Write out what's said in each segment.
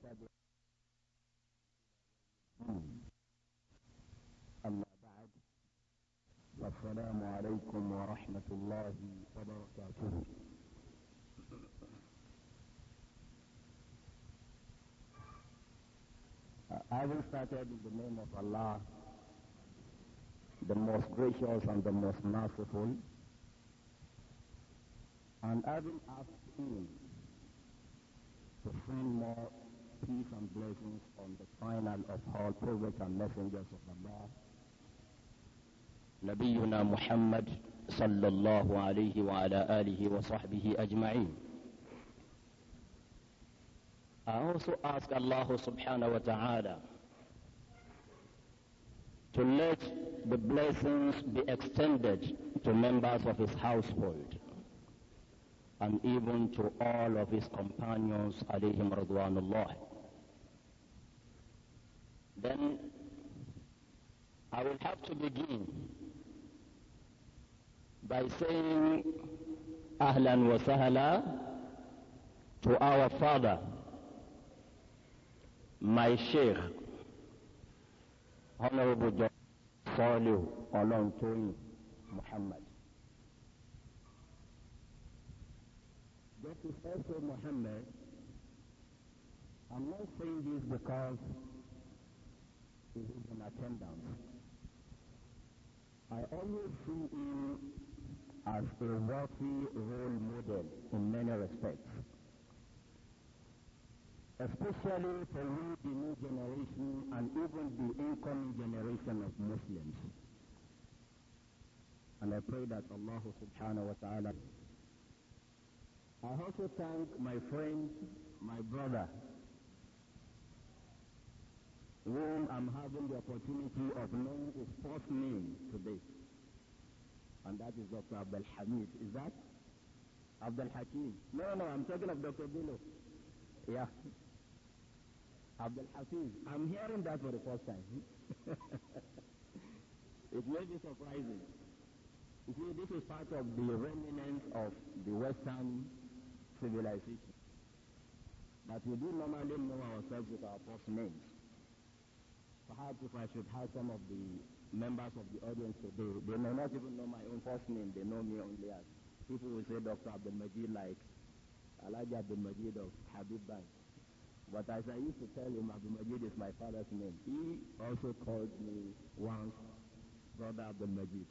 تدعو أما بعد والسلام عليكم ورحمة الله وبركاته I will start in the name of Allah, the most gracious and the most merciful. And I will ask him to send more peace and blessings on the final of all prophets and messengers of Allah. نبينا محمد صلى الله عليه وعلى آله وصحبه أجمعين. I also ask Allah subhanahu wa ta'ala to let the blessings be extended to members of his household and even to all of his companions alayhim radwanullah then I will have to begin by saying Ahlan wa Sahla to our father, my Sheikh, Honorable John Saliu Muhammad. That is also Muhammad. I'm not saying this because is in attendance. I always see him as a worthy role model in many respects, especially for we, the new generation, and even the incoming generation of Muslims. And I pray that Allah subhanahu wa ta'ala. I also thank my friend, my brother, whom I'm having the opportunity of knowing his first name today. And that is Dr. Abdul Hamid. Is that Abdul Hakim? No, no, I'm talking of Dr. Bilo. Yeah. Abdul Hafiz. I'm hearing that for the first time. it may be surprising. You see, this is part of the remnants of the Western civilization. That we do normally know ourselves with our first names. Perhaps if I should have some of the members of the audience today, they may not even know my own first name. They know me only as people will say Dr. Abdul Majid like Elijah Abdul Majid of Habib Bank. But as I used to tell him, Abdul Majid is my father's name. He also called me once Brother Abdul Majid.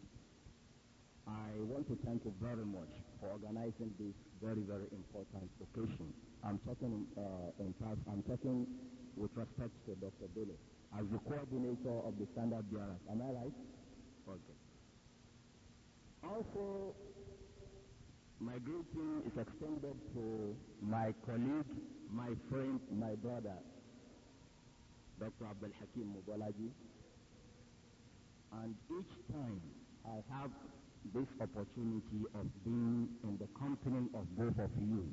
I want to thank you very much for organizing this very, very important occasion. I'm talking, uh, in fact, I'm talking with respect to Dr. Billy as the coordinator of the standard bearers. Am I right? Okay. Also, my greeting is extended to my colleague, my friend, my brother, Dr. Abdel Hakim Mubalaji. And each time I have this opportunity of being in the company of both of you,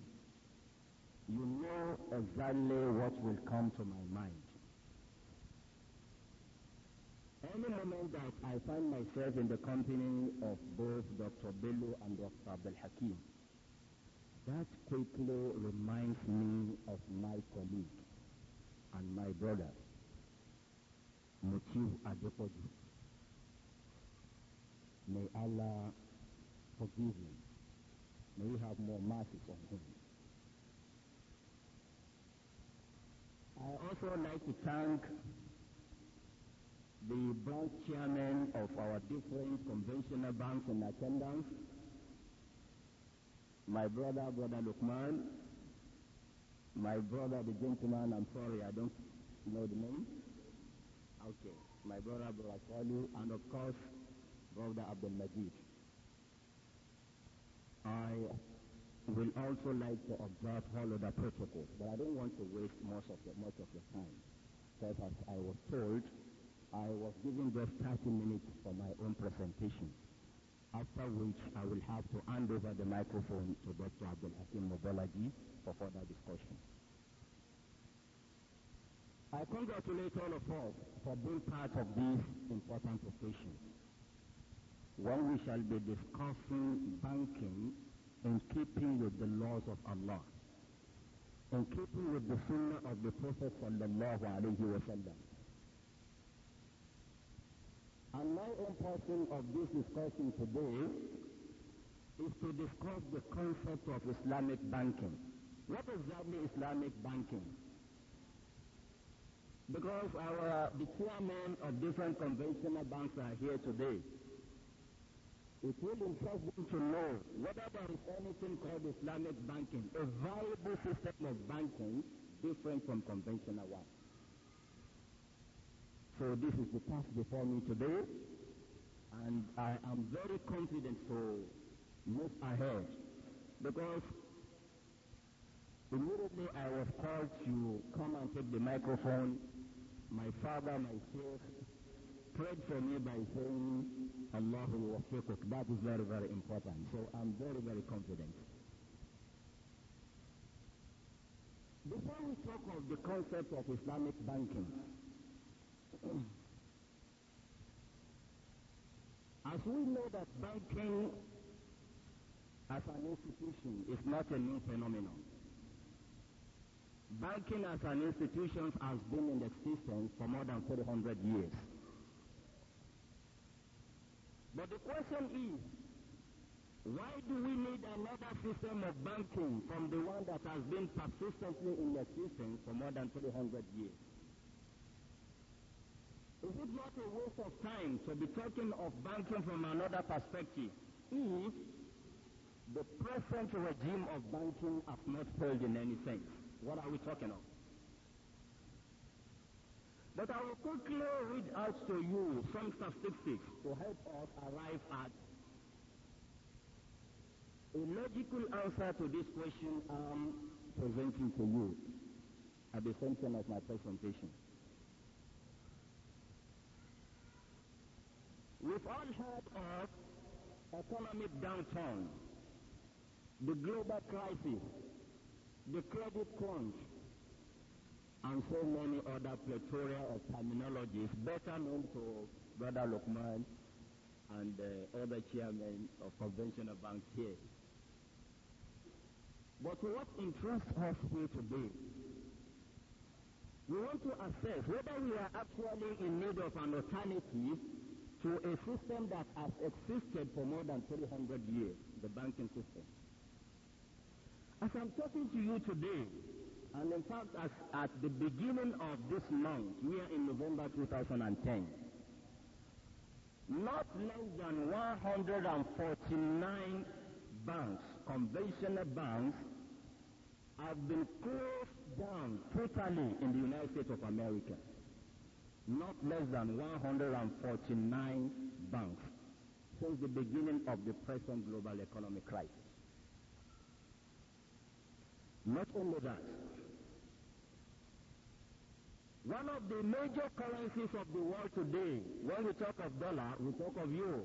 you know exactly what will come to my mind. Any moment that I find myself in the company of both Dr. Bello and Dr. Abdel Hakim, that quickly reminds me of my colleague and my brother, Mutiu Adepoju. May Allah forgive him. May he have more mercy on him. I also like to thank the bank chairmen of our different conventional banks in attendance, my brother, Brother Lukman, my brother, the gentleman, I'm sorry, I don't know the name. Okay, my brother, Brother Kalu, and of course, Brother Abdul Majid. I will also like to observe all the protocols, but I don't want to waste most of your much of the time, because as I was told, I was given just 30 minutes for my own presentation, after which I will have to hand over the microphone to Dr. Abdul Hakim Mobolaji for further discussion. I congratulate all of us for being part of this important occasion when we shall be discussing banking in keeping with the laws of Allah, in keeping with the sunnah of the Prophet sallallahu alayhi wa sallam. And my own portion of this discussion today is to discuss the concept of Islamic banking. What exactly Islamic banking? Because our the chairman of different conventional banks are here today. It will interest them to know whether there is anything called Islamic banking, a viable system of banking different from conventional one. So this is the task before me today, and I am very confident to move ahead because immediately I was called to come and take the microphone. My father, my prayed for me by saying, Allah will That is very, very important. So I'm very, very confident. Before we talk of the concept of Islamic banking, as we know that banking as an institution is not a new phenomenon. Banking as an institution has been in existence for more than 400 years. But the question is, why do we need another system of banking from the one that has been persistently in existence for more than 300 years? Is it not a waste of time to be talking of banking from another perspective if mm-hmm. the present regime of banking has not failed in any sense? What are we talking of? But I will quickly read out to you some statistics to help us arrive at a logical answer to this question I'm presenting to you at the same time as my presentation. With all heard of economic downturn, the global crisis, the credit crunch, and so many other plethora of terminologies better known to Brother Lokman and uh, other chairmen of conventional banks here. But what interests us here today, we want to assess whether we are actually in need of an alternative to a system that has existed for more than 300 years, the banking system. As I'm talking to you today, and in fact, as at the beginning of this month, we are in November 2010, not less than 149 banks, conventional banks, have been closed down totally in the United States of America not less than 149 banks since the beginning of the present global economic crisis. Not only that, one of the major currencies of the world today, when we talk of dollar, we talk of euro.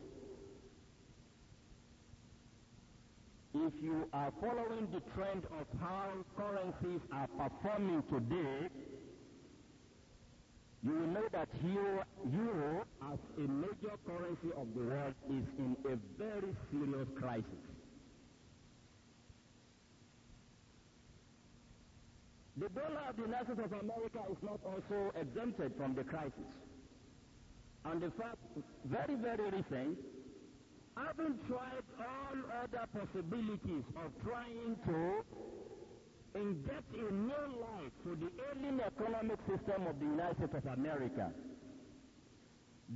If you are following the trend of how currencies are performing today, you will know that euro, euro as a major currency of the world is in a very serious crisis. The dollar of the United States of America is not also exempted from the crisis. And the fact, very, very recent, having tried all other possibilities of trying to inject a new life to the ailing economic system of the United States of America.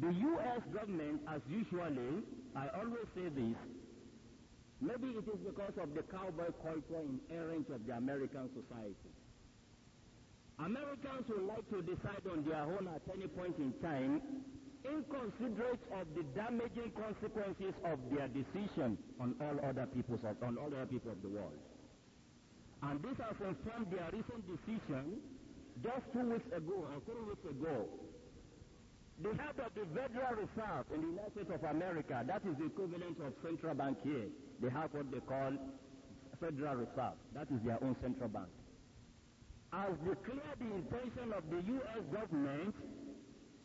The U.S. government, as usually, I always say this, maybe it is because of the cowboy culture inherent of the American society. Americans would like to decide on their own at any point in time, inconsiderate of the damaging consequences of their decision on all other peoples of, on all other people of the world. And this has confirmed their recent decision just two weeks ago and three weeks ago. The head of the Federal Reserve in the United States of America, that is the equivalent of central bank here, they have what they call Federal Reserve. That is their own central bank. Has declared the intention of the U.S. government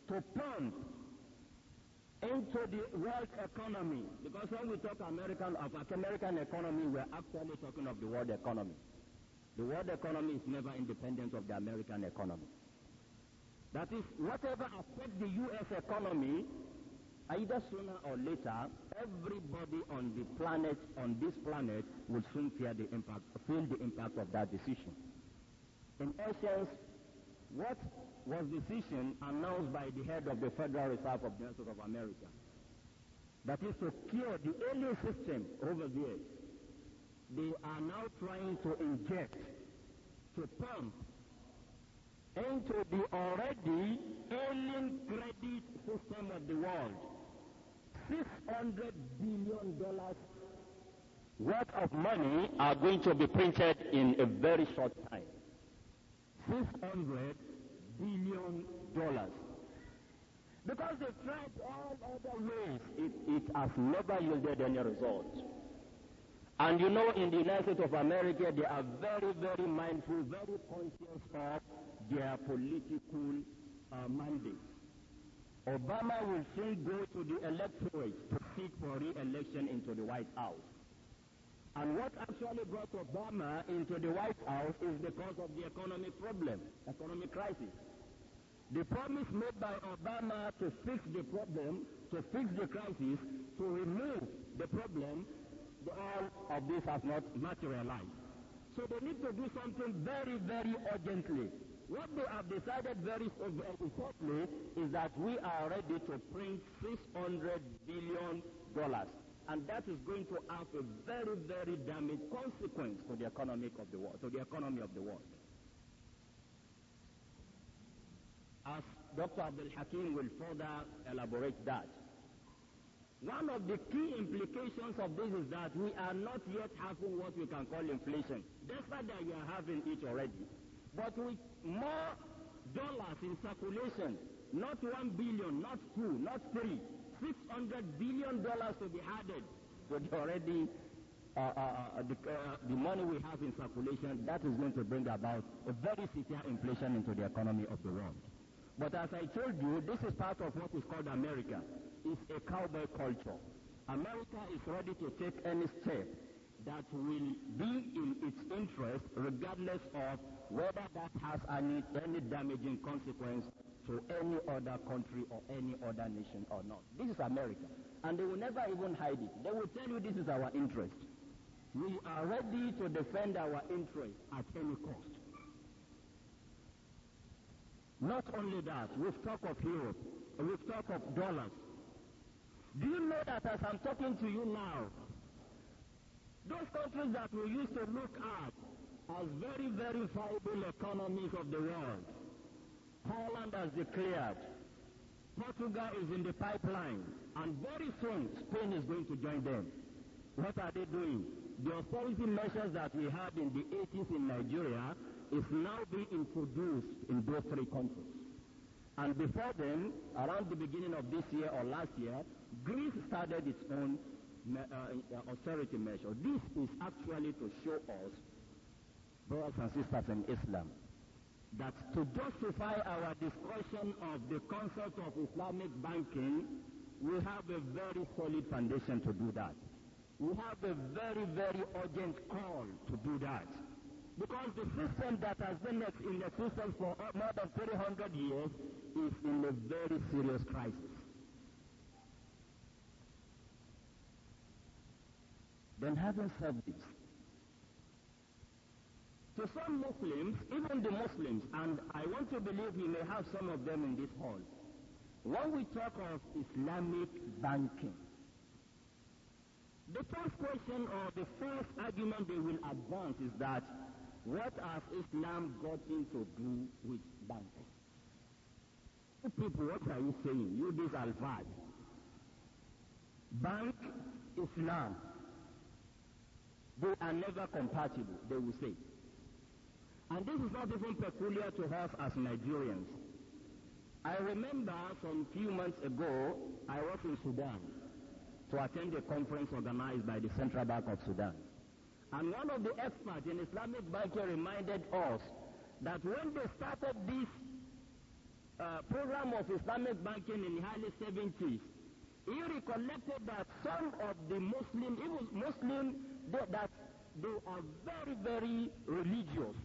to pump into the world economy. Because when we talk American of American economy, we're actually talking of the world economy. The world economy is never independent of the American economy. That is, whatever affects the U.S. economy, either sooner or later, everybody on the planet, on this planet, will soon feel the impact, feel the impact of that decision. In essence, what was decision announced by the head of the Federal Reserve of the United States of America? That is to cure the alien system over there they are now trying to inject, to pump into the already ailing credit system of the world. $600 billion worth of money are going to be printed in a very short time. $600 billion. Because they tried all other ways, it, it has never yielded any result. And you know, in the United States of America, they are very, very mindful, very conscious of their political uh, mandate. Obama will still go to the electorate to seek for re-election into the White House. And what actually brought Obama into the White House is because of the economic problem, economic crisis. The promise made by Obama to fix the problem, to fix the crisis, to remove the problem, all of this has not materialized. So they need to do something very, very urgently. What they have decided very shortly is that we are ready to print $600 billion. And that is going to have a very, very damaging consequence for the economic of the world, to the economy of the world. As Dr. Abdul Hakim will further elaborate that, one of the key implications of this is that we are not yet having what we can call inflation, despite that we are having it already. But with more dollars in circulation, not one billion, not two, not three, six hundred billion dollars to be added to the already uh, uh, uh, the, uh, the money we have in circulation, that is going to bring about a very severe inflation into the economy of the world. But as I told you, this is part of what is called America is a cowboy culture. America is ready to take any step that will be in its interest regardless of whether that has any, any damaging consequence to any other country or any other nation or not. This is America. And they will never even hide it. They will tell you this is our interest. We are ready to defend our interest at any cost. Not only that, we've talked of Europe, we've talked of dollars, do you know that as I'm talking to you now, those countries that we used to look at as very, very viable economies of the world, Poland has declared, Portugal is in the pipeline, and very soon Spain is going to join them. What are they doing? The austerity measures that we had in the 80s in Nigeria is now being introduced in those three countries. And before then, around the beginning of this year or last year, Greece started its own uh, uh, austerity measure. This is actually to show us, brothers and sisters in Islam, that to justify our discussion of the concept of Islamic banking, we have a very solid foundation to do that. We have a very, very urgent call to do that. Because the system that has been in existence for uh, more than 300 years is in a very serious crisis. Then having said this, to some Muslims, even the Muslims, and I want to believe we may have some of them in this hall, when we talk of Islamic banking, the first question or the first argument they will advance is that what has Islam got into do with banking? people, what are you saying? You disalfad. Bank, Islam, they are never compatible, they will say. And this is not even peculiar to us as Nigerians. I remember some few months ago, I was in Sudan to attend a conference organized by the Central Bank of Sudan. And one of the experts in Islamic banking reminded us that when they started this uh, program of Islamic banking in the early 70s, he recollected that some of the Muslim, even Muslim, they, that they are very, very religious.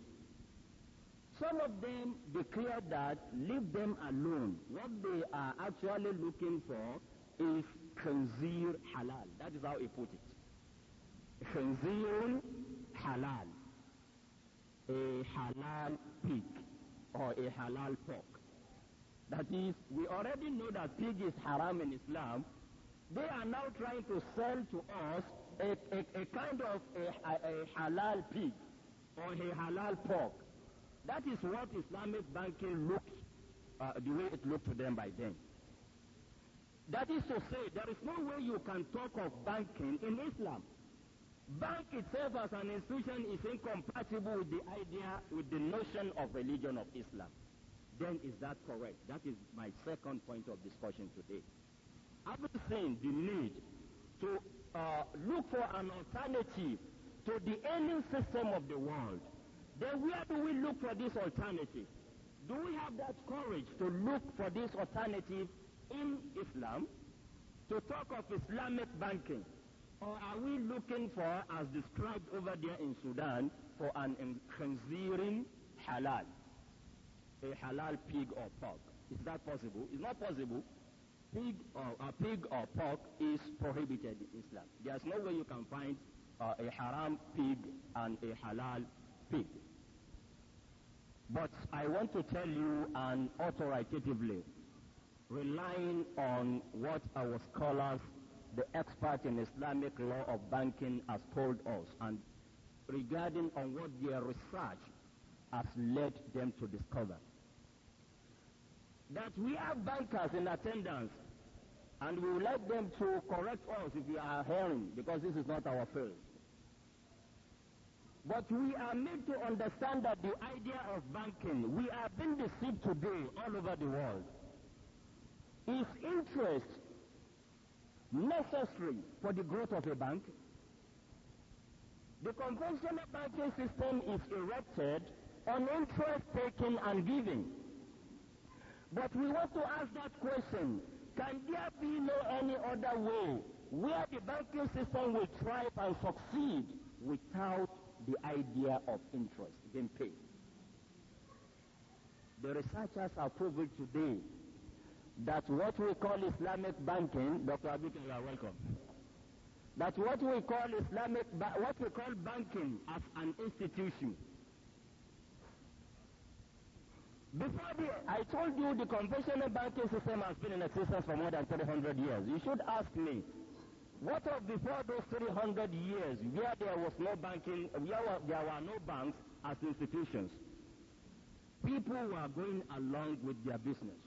Some of them declare that leave them alone. What they are actually looking for is khanzir halal. That is how he put it. Khinzir halal. A halal pig or a halal pork. That is, we already know that pig is haram in Islam. They are now trying to sell to us a, a, a kind of a, a, a halal pig or a halal pork. That is what Islamic banking looks, uh, the way it looked to them by then. That is to say, there is no way you can talk of banking in Islam. Bank itself as an institution is incompatible with the idea, with the notion of religion of Islam. Then is that correct? That is my second point of discussion today. i seen saying the need to uh, look for an alternative to the earning system of the world. Then where do we look for this alternative? Do we have that courage to look for this alternative in Islam? To talk of Islamic banking, or are we looking for, as described over there in Sudan, for an khanzirin halal? A halal pig or pork. Is that possible? It's not possible. Pig or, a pig or pork is prohibited in Islam. There's no way you can find uh, a haram pig and a halal pig. But I want to tell you and authoritatively, relying on what our scholars the expert in Islamic law of banking has told us and regarding on what their research has led them to discover. That we have bankers in attendance and we would like them to correct us if we are hearing because this is not our field. But we are made to understand that the idea of banking, we are being deceived today all over the world. Is interest necessary for the growth of a bank. The conventional banking system is erected on interest taking and giving. But we want to ask that question can there be no any other way where the banking system will thrive and succeed without the idea of interest being paid? The researchers are proved today that what we call Islamic banking, Dr. Abikir, you are welcome. That what we call Islamic, what we call banking as an institution. Before the, I told you the conventional banking system has been in existence for more than 300 years. You should ask me, what of before those 300 years where there was no banking, where there were no banks as institutions? People were going along with their business.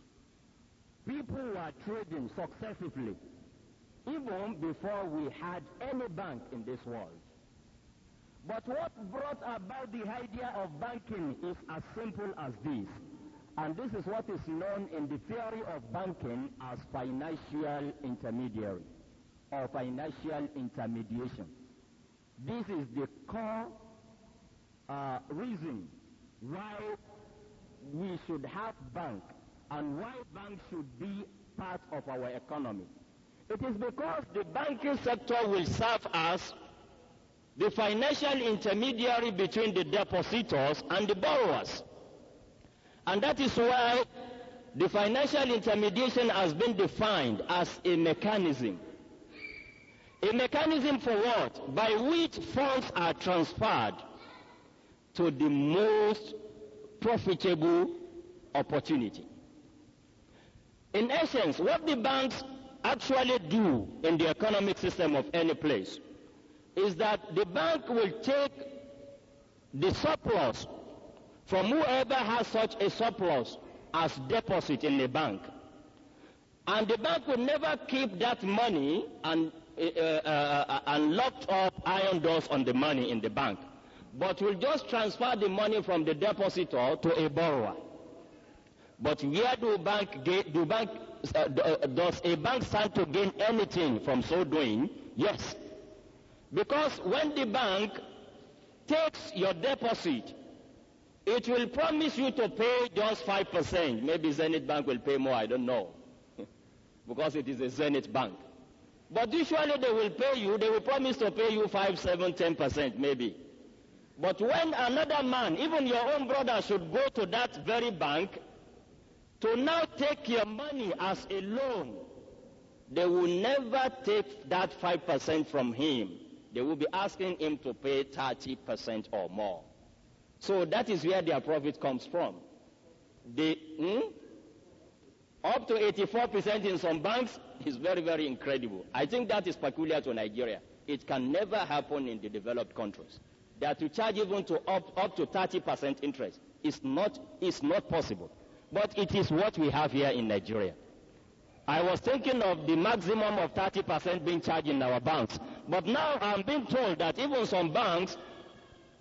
People were trading successively even before we had any bank in this world. But what brought about the idea of banking is as simple as this. And this is what is known in the theory of banking as financial intermediary or financial intermediation. This is the core uh, reason why we should have bank and why banks should be part of our economy. It is because the banking sector will serve as the financial intermediary between the depositors and the borrowers. And that is why the financial intermediation has been defined as a mechanism. A mechanism for what? By which funds are transferred to the most profitable opportunity. In essence, what the banks actually do in the economic system of any place is that the bank will take the surplus from whoever has such a surplus as deposit in the bank. And the bank will never keep that money and, uh, uh, and locked up iron doors on the money in the bank, but will just transfer the money from the depositor to a borrower. But where do bank do bank uh, uh, does a bank stand to gain anything from so doing? Yes, because when the bank takes your deposit, it will promise you to pay just five percent. Maybe Zenith Bank will pay more. I don't know, because it is a Zenith Bank. But usually they will pay you. They will promise to pay you five, seven, ten percent, maybe. But when another man, even your own brother, should go to that very bank to now take your money as a loan, they will never take that 5% from him. They will be asking him to pay 30% or more. So that is where their profit comes from. They, hmm? Up to 84% in some banks is very, very incredible. I think that is peculiar to Nigeria. It can never happen in the developed countries. That to charge even to up, up to 30% interest is not, is not possible. But it is what we have here in Nigeria. I was thinking of the maximum of 30% being charged in our banks. But now I'm being told that even some banks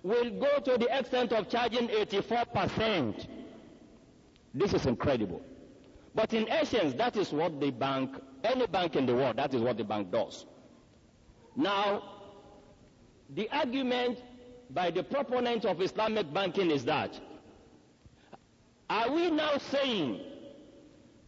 will go to the extent of charging 84%. This is incredible. But in essence, that is what the bank, any bank in the world, that is what the bank does. Now, the argument by the proponents of Islamic banking is that are we now saying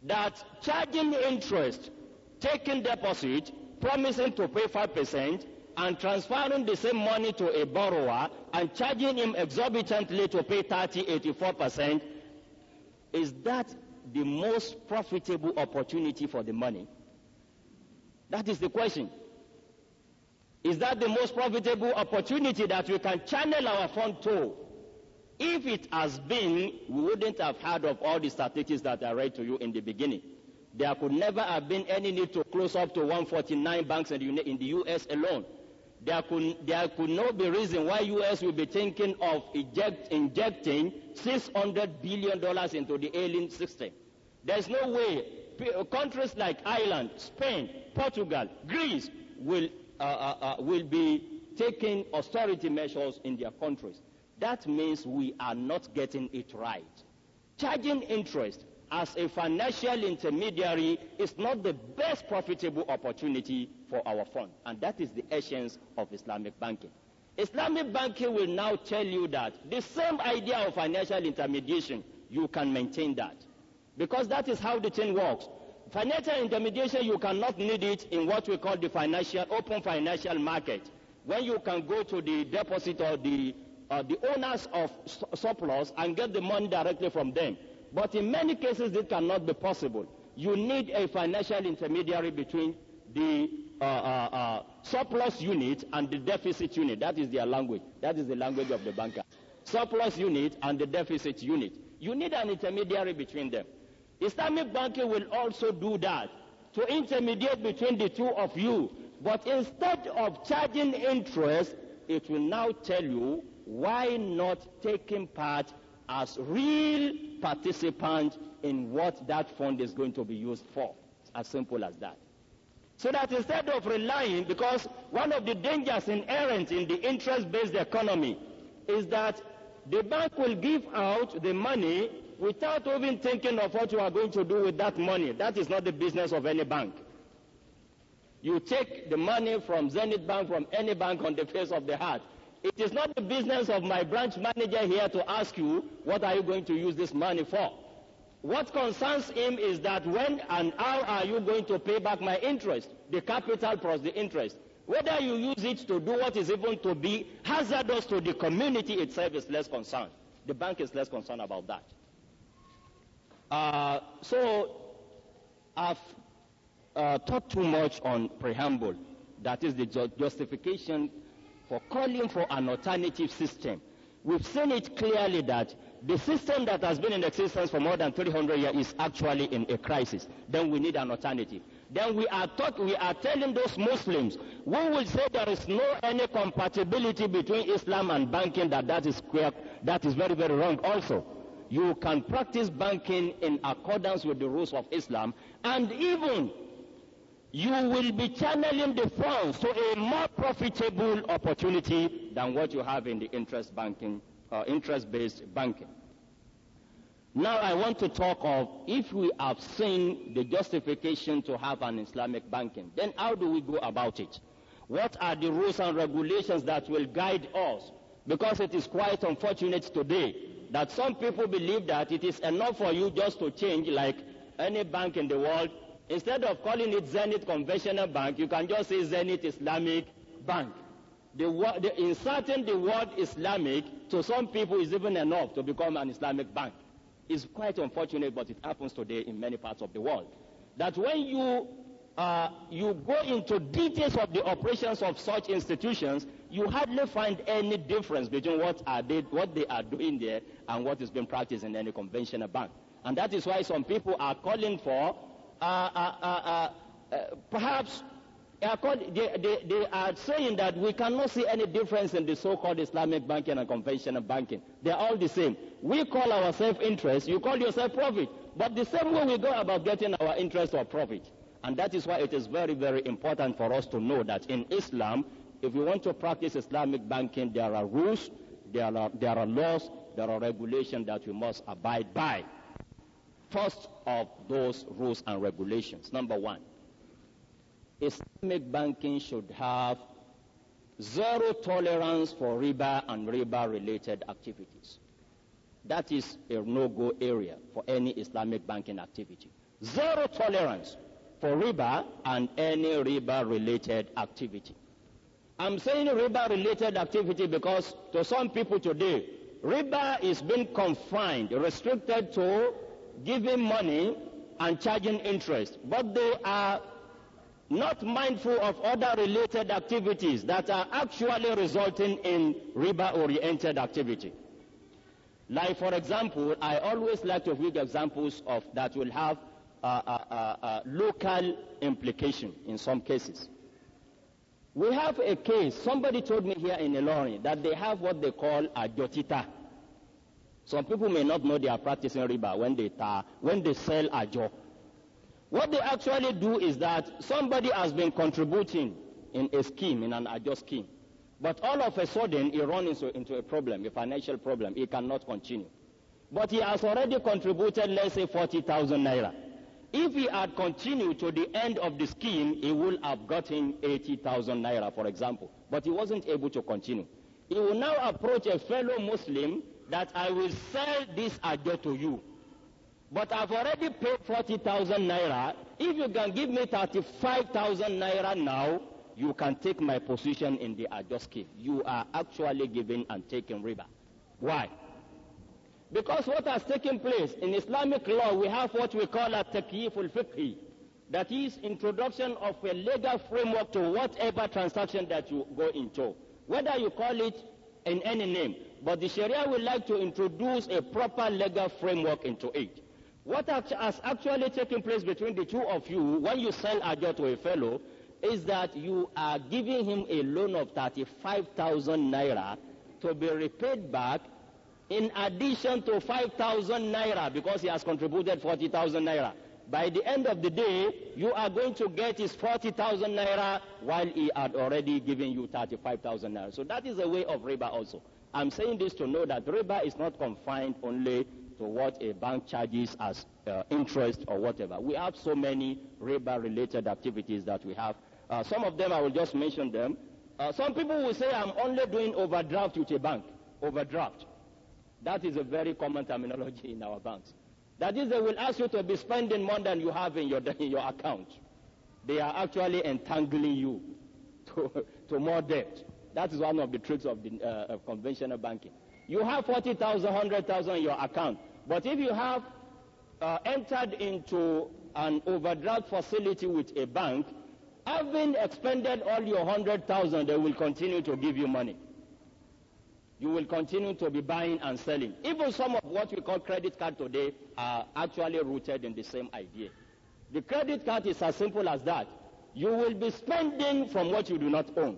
that charging interest, taking deposit, promising to pay 5%, and transferring the same money to a borrower and charging him exorbitantly to pay 30, 84%, is that the most profitable opportunity for the money? That is the question. Is that the most profitable opportunity that we can channel our fund to? If it has been, we wouldn't have heard of all the statistics that I read to you in the beginning. There could never have been any need to close up to 149 banks in the, in the U.S. alone. There could, there could not be reason why U.S. will be thinking of eject, injecting $600 billion into the alien system. There's no way countries like Ireland, Spain, Portugal, Greece will, uh, uh, uh, will be taking austerity measures in their countries. That means we are not getting it right. Charging interest as a financial intermediary is not the best profitable opportunity for our fund, and that is the essence of Islamic banking. Islamic banking will now tell you that the same idea of financial intermediation, you can maintain that. Because that is how the thing works. Financial intermediation, you cannot need it in what we call the financial, open financial market. When you can go to the deposit or the uh, the owners of surplus and get the money directly from them. But in many cases, this cannot be possible. You need a financial intermediary between the uh, uh, uh, surplus unit and the deficit unit. That is their language. That is the language of the banker. Surplus unit and the deficit unit. You need an intermediary between them. Islamic banking will also do that to intermediate between the two of you. But instead of charging interest, it will now tell you why not taking part as real participant in what that fund is going to be used for? It's as simple as that. So that instead of relying, because one of the dangers inherent in the interest-based economy is that the bank will give out the money without even thinking of what you are going to do with that money. That is not the business of any bank. You take the money from Zenith Bank, from any bank on the face of the earth, it is not the business of my branch manager here to ask you, what are you going to use this money for? What concerns him is that when and how are you going to pay back my interest, the capital plus the interest. Whether you use it to do what is even to be hazardous to the community itself is less concerned. The bank is less concerned about that. Uh, so I've uh, talked too much on preamble, that is the justification for calling for an alternative system. We've seen it clearly that the system that has been in existence for more than 300 years is actually in a crisis. Then we need an alternative. Then we are taught, we are telling those Muslims who will say there is no any compatibility between Islam and banking that that is clear, that is very, very wrong also. You can practice banking in accordance with the rules of Islam and even you will be channeling the funds to a more profitable opportunity than what you have in the interest banking uh, interest-based banking. Now I want to talk of if we have seen the justification to have an Islamic banking, then how do we go about it? What are the rules and regulations that will guide us? Because it is quite unfortunate today that some people believe that it is enough for you just to change like any bank in the world Instead of calling it Zenith Conventional Bank, you can just say Zenith Islamic Bank. The, the, inserting the word Islamic to some people is even enough to become an Islamic bank. It's quite unfortunate, but it happens today in many parts of the world. That when you uh, you go into details of the operations of such institutions, you hardly find any difference between what are they what they are doing there and what is being practiced in any conventional bank. And that is why some people are calling for uh, uh, uh, uh, perhaps they, they, they are saying that we cannot see any difference in the so-called Islamic banking and conventional banking. They are all the same. We call ourselves interest, you call yourself profit. But the same way we go about getting our interest or profit. And that is why it is very, very important for us to know that in Islam, if you want to practice Islamic banking, there are rules, there are, there are laws, there are regulations that we must abide by first of those rules and regulations. Number one, Islamic banking should have zero tolerance for riba and riba related activities. That is a no go area for any Islamic banking activity. Zero tolerance for riba and any riba related activity. I'm saying riba related activity because to some people today, riba is being confined, restricted to giving money and charging interest, but they are not mindful of other related activities that are actually resulting in riba oriented activity. Like, for example, I always like to give examples of that will have a, uh, uh, uh, local implication in some cases. We have a case, somebody told me here in Ilori that they have what they call a jotita. Some people may not know they are practicing riba when they tar, when they sell a job. What they actually do is that somebody has been contributing in a scheme, in an adjust scheme. But all of a sudden, he runs into, into a problem, a financial problem. He cannot continue. But he has already contributed, let's say, 40,000 naira. If he had continued to the end of the scheme, he would have gotten 80,000 naira, for example. But he wasn't able to continue. He will now approach a fellow Muslim that I will sell this ajo to you. But I've already paid 40,000 naira. If you can give me 35,000 naira now, you can take my position in the ajo scheme. You are actually giving and taking riba. Why? Because what has taken place in Islamic law, we have what we call a taqyiful fiqh. That is introduction of a legal framework to whatever transaction that you go into. Whether you call it in any name, but the Sharia would like to introduce a proper legal framework into it. What has actually taken place between the two of you when you sell a job to a fellow is that you are giving him a loan of 35,000 naira to be repaid back in addition to 5,000 naira because he has contributed 40,000 naira. By the end of the day, you are going to get his 40,000 naira while he had already given you 35,000 naira. So that is a way of riba also. I'm saying this to know that riba is not confined only to what a bank charges as uh, interest or whatever. We have so many riba related activities that we have. Uh, some of them, I will just mention them. Uh, some people will say, I'm only doing overdraft with a bank. Overdraft. That is a very common terminology in our banks. That is, they will ask you to be spending more than you have in your, in your account. They are actually entangling you to, to more debt. That is one of the tricks of the uh, of conventional banking. You have 40,000, 100,000 in your account, but if you have uh, entered into an overdraft facility with a bank, having expended all your 100,000, they will continue to give you money. You will continue to be buying and selling. Even some of what we call credit card today are actually rooted in the same idea. The credit card is as simple as that. You will be spending from what you do not own.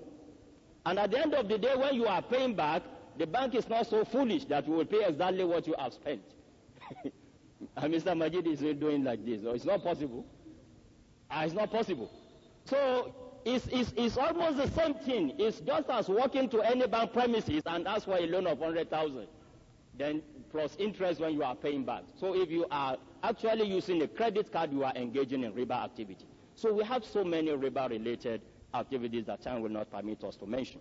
And at the end of the day, when you are paying back, the bank is not so foolish that you will pay exactly what you have spent. and Mr. Majid is doing like this. No, it's not possible. Uh, it's not possible. So it's, it's, it's almost the same thing. It's just as walking to any bank premises and ask for a loan of 100,000, then plus interest when you are paying back. So if you are actually using a credit card, you are engaging in riba activity. So we have so many riba related activities that time will not permit us to mention.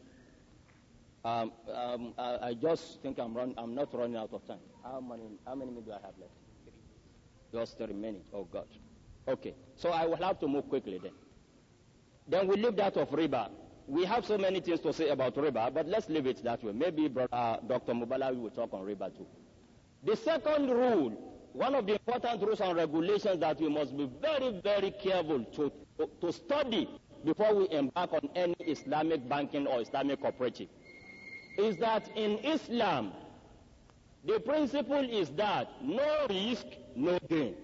Um, um, I, I, just think I'm, run, I'm not running out of time. How many, how many minutes do I have left? Just three minutes. Oh, God. Okay. So I will have to move quickly then. Then we leave that of riba. We have so many things to say about riba, but let's leave it that way. Maybe uh, Dr. Mubala will talk on riba too. The second rule, one of the important rules and regulations that we must be very, very careful to, to, to study before we embark on any Islamic banking or Islamic cooperative is that in Islam, the principle is that no risk, no gain.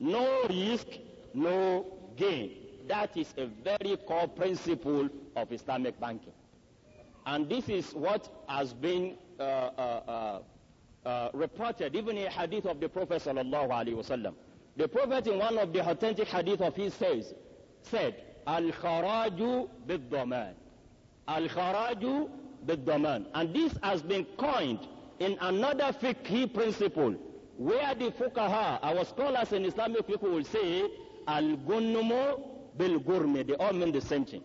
No risk, no gain. That is a very core principle of Islamic banking. And this is what has been uh, uh, uh, uh reported even in hadith of the Prophet sallallahu alaihi wasallam. The Prophet in one of the authentic hadith of his says, said, Al-Kharaju bid-Daman. Al-Kharaju bid-Daman. And this has been coined in another fiqh principle, where the fuqaha, our scholars in Islamic people will say, al gunmo bel gurmi They all mean the same thing.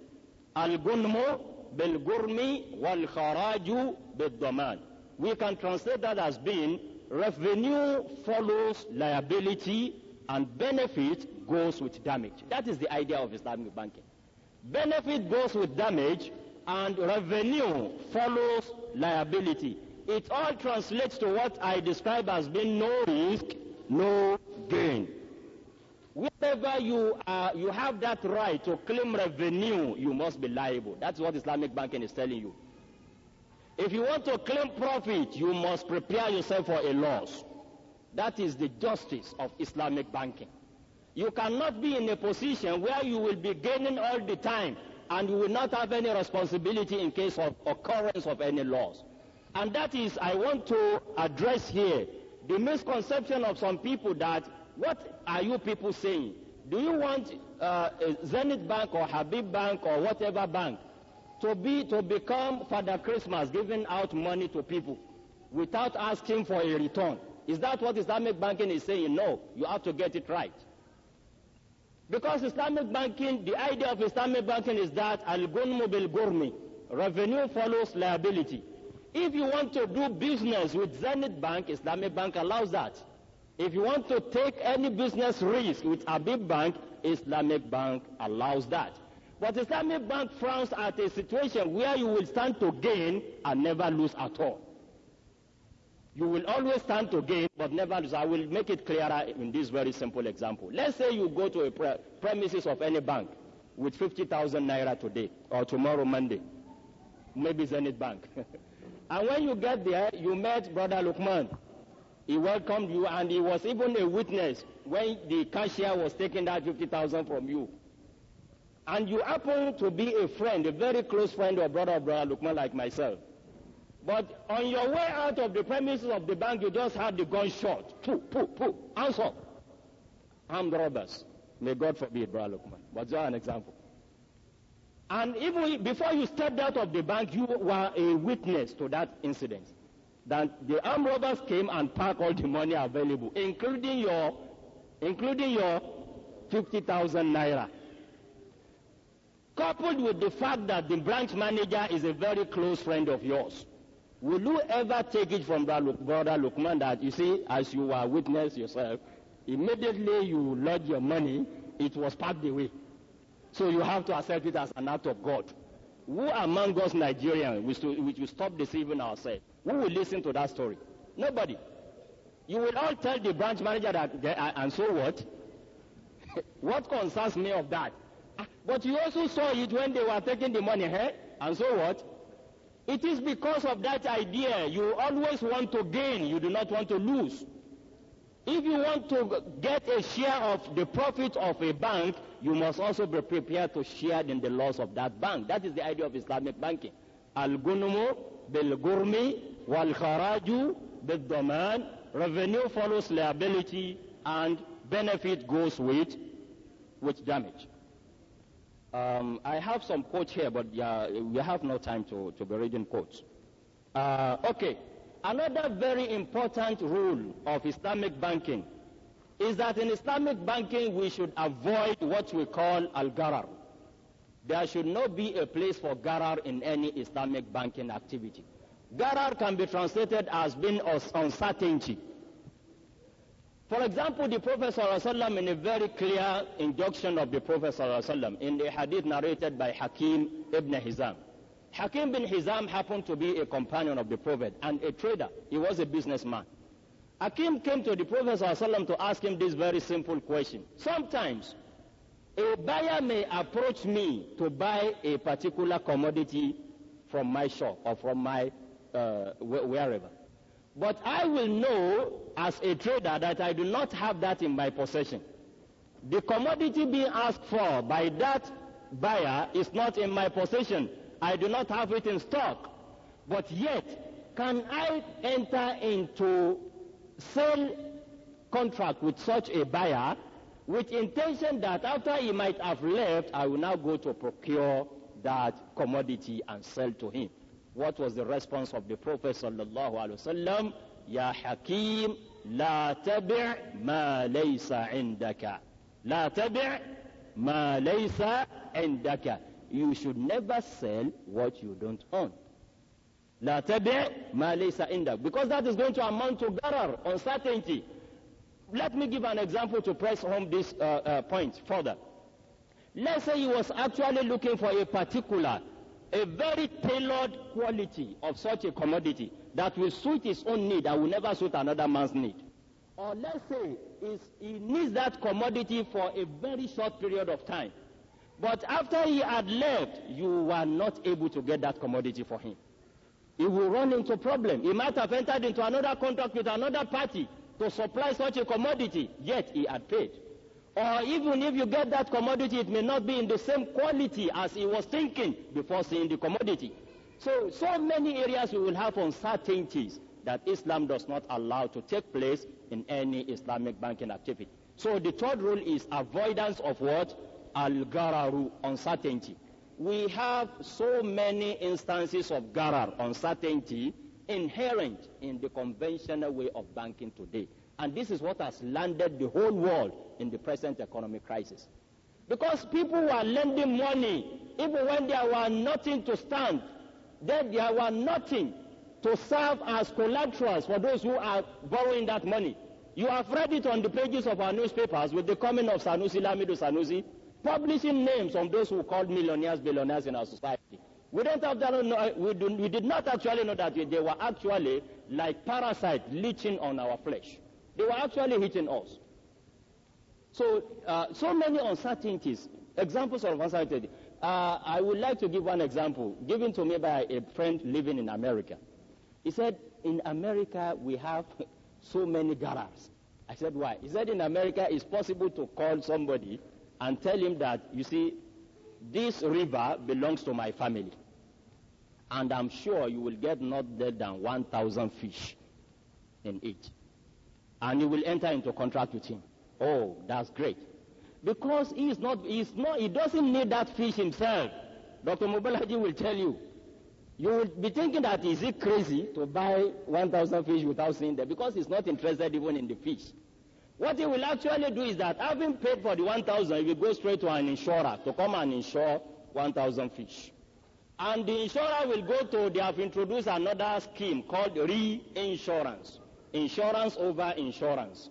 Al-Gunmu bil-Gurmi wal-Kharaju bid-Daman. We can translate that as being revenue follows liability and benefit goes with damage. That is the idea of Islamic banking. Benefit goes with damage and revenue follows liability. It all translates to what I describe as being no risk, no gain. Whenever you, are, you have that right to claim revenue, you must be liable. That's what Islamic banking is telling you. If you want to claim profit, you must prepare yourself for a loss. That is the justice of Islamic banking. You cannot be in a position where you will be gaining all the time and you will not have any responsibility in case of occurrence of any loss. And that is, I want to address here the misconception of some people that what are you people saying? Do you want uh, Zenith Bank or Habib Bank or whatever bank to be to become Father Christmas, giving out money to people without asking for a return? Is that what Islamic banking is saying? No, you have to get it right. Because Islamic banking, the idea of Islamic banking is that al-gunmu bil-gurmi, revenue follows liability. If you want to do business with Zenit Bank, Islamic Bank allows that. If you want to take any business risk with Abib Bank, Islamic Bank allows that. But Islamic Bank frowns at a situation where you will stand to gain and never lose at all. You will always stand to gain, but never lose. I will make it clearer in this very simple example. Let's say you go to a pre- premises of any bank with 50,000 naira today or tomorrow, Monday, maybe Zenith Bank. and when you get there, you met Brother Lukman. He welcomed you and he was even a witness when the cashier was taking that 50,000 from you. And you happen to be a friend, a very close friend or brother of Brother Lukman like myself but on your way out of the premises of the bank, you just had the gun shot. Pooh, pooh, pooh. Answer. Armed robbers. May God forbid, Brother Lukman. But just an example. And even before you stepped out of the bank, you were a witness to that incident. That the armed robbers came and packed all the money available, including your, including your 50,000 naira. Coupled with the fact that the branch manager is a very close friend of yours. Will you ever take it from that brother Lukman that you see, as you were witness yourself, immediately you lodge your money, it was packed away. So you have to accept it as an act of God. Who among us Nigerians which will stop deceiving ourselves? Who will listen to that story? Nobody. You will all tell the branch manager that, and so what? what concerns me of that? Ah, but you also saw it when they were taking the money, eh? And so what? It is because of that idea you always want to gain, you do not want to lose. If you want to get a share of the profit of a bank, you must also be prepared to share in the loss of that bank. That is the idea of Islamic banking. al gunumu bil-gurmi wal-kharaju bil-daman. Revenue follows liability and benefit goes with, with damage. Um, I have some quotes here, but we have no time to, to be reading quotes. Uh, okay. Another very important rule of Islamic banking is that in Islamic banking we should avoid what we call al-gharar. There should not be a place for gharar in any Islamic banking activity. Gharar can be translated as being uncertainty. For example, the Prophet ﷺ in a very clear injunction of the Prophet ﷺ in the hadith narrated by Hakim ibn Hizam. Hakim bin Hizam happened to be a companion of the Prophet and a trader. He was a businessman. Hakim came to the Prophet ﷺ to ask him this very simple question. Sometimes a buyer may approach me to buy a particular commodity from my shop or from my uh, wherever. But I will know as a trader that I do not have that in my possession. The commodity being asked for by that buyer is not in my possession. I do not have it in stock. But yet, can I enter into sale contract with such a buyer with intention that after he might have left, I will now go to procure that commodity and sell to him? What was the response of the Prophet sallallahu alaihi wasallam? Ya Hakim, la tabi' ma laysa indaka. La tabi' ma laysa indaka. You should never sell what you don't own. La tabi' ma laysa indaka. Because that is going to amount to gharar, uncertainty. Let me give an example to press home this uh, uh, point further. Let's say he was actually looking for a particular a very tailored quality of such a commodity that will suit his own need and will never suit another man's need. Or let's say he needs that commodity for a very short period of time. But after he had left, you were not able to get that commodity for him. He will run into problem. He might have entered into another contract with another party to supply such a commodity, yet he had paid. Or even if you get that commodity, it may not be in the same quality as he was thinking before seeing the commodity. So, so many areas we will have uncertainties that Islam does not allow to take place in any Islamic banking activity. So the third rule is avoidance of what? Al-gararu, uncertainty. We have so many instances of garar, uncertainty, inherent in the conventional way of banking today. And this is what has landed the whole world in the present economic crisis. Because people were lending money even when there were nothing to stand, then there were nothing to serve as collaterals for those who are borrowing that money. You have read it on the pages of our newspapers with the coming of Sanusi Lamido Sanusi, publishing names of those who called millionaires billionaires in our society. We, don't have that, we, do, we did not actually know that they were actually like parasites leeching on our flesh. They were actually hitting us. So, uh, so many uncertainties, examples of uncertainty. Uh, I would like to give one example given to me by a friend living in America. He said, in America we have so many garages. I said, why? He said, in America it's possible to call somebody and tell him that, you see, this river belongs to my family. And I'm sure you will get not less than 1,000 fish in it. And you will enter into contract with him. Oh, that's great. Because he is not, he is not, he doesn't need that fish himself. Dr. Mobalaji will tell you. You will be thinking that is it crazy to buy 1,000 fish without seeing them because he's not interested even in the fish. What he will actually do is that having paid for the 1,000, he will go straight to an insurer to come and insure 1,000 fish. And the insurer will go to, they have introduced another scheme called reinsurance. Insurance over insurance.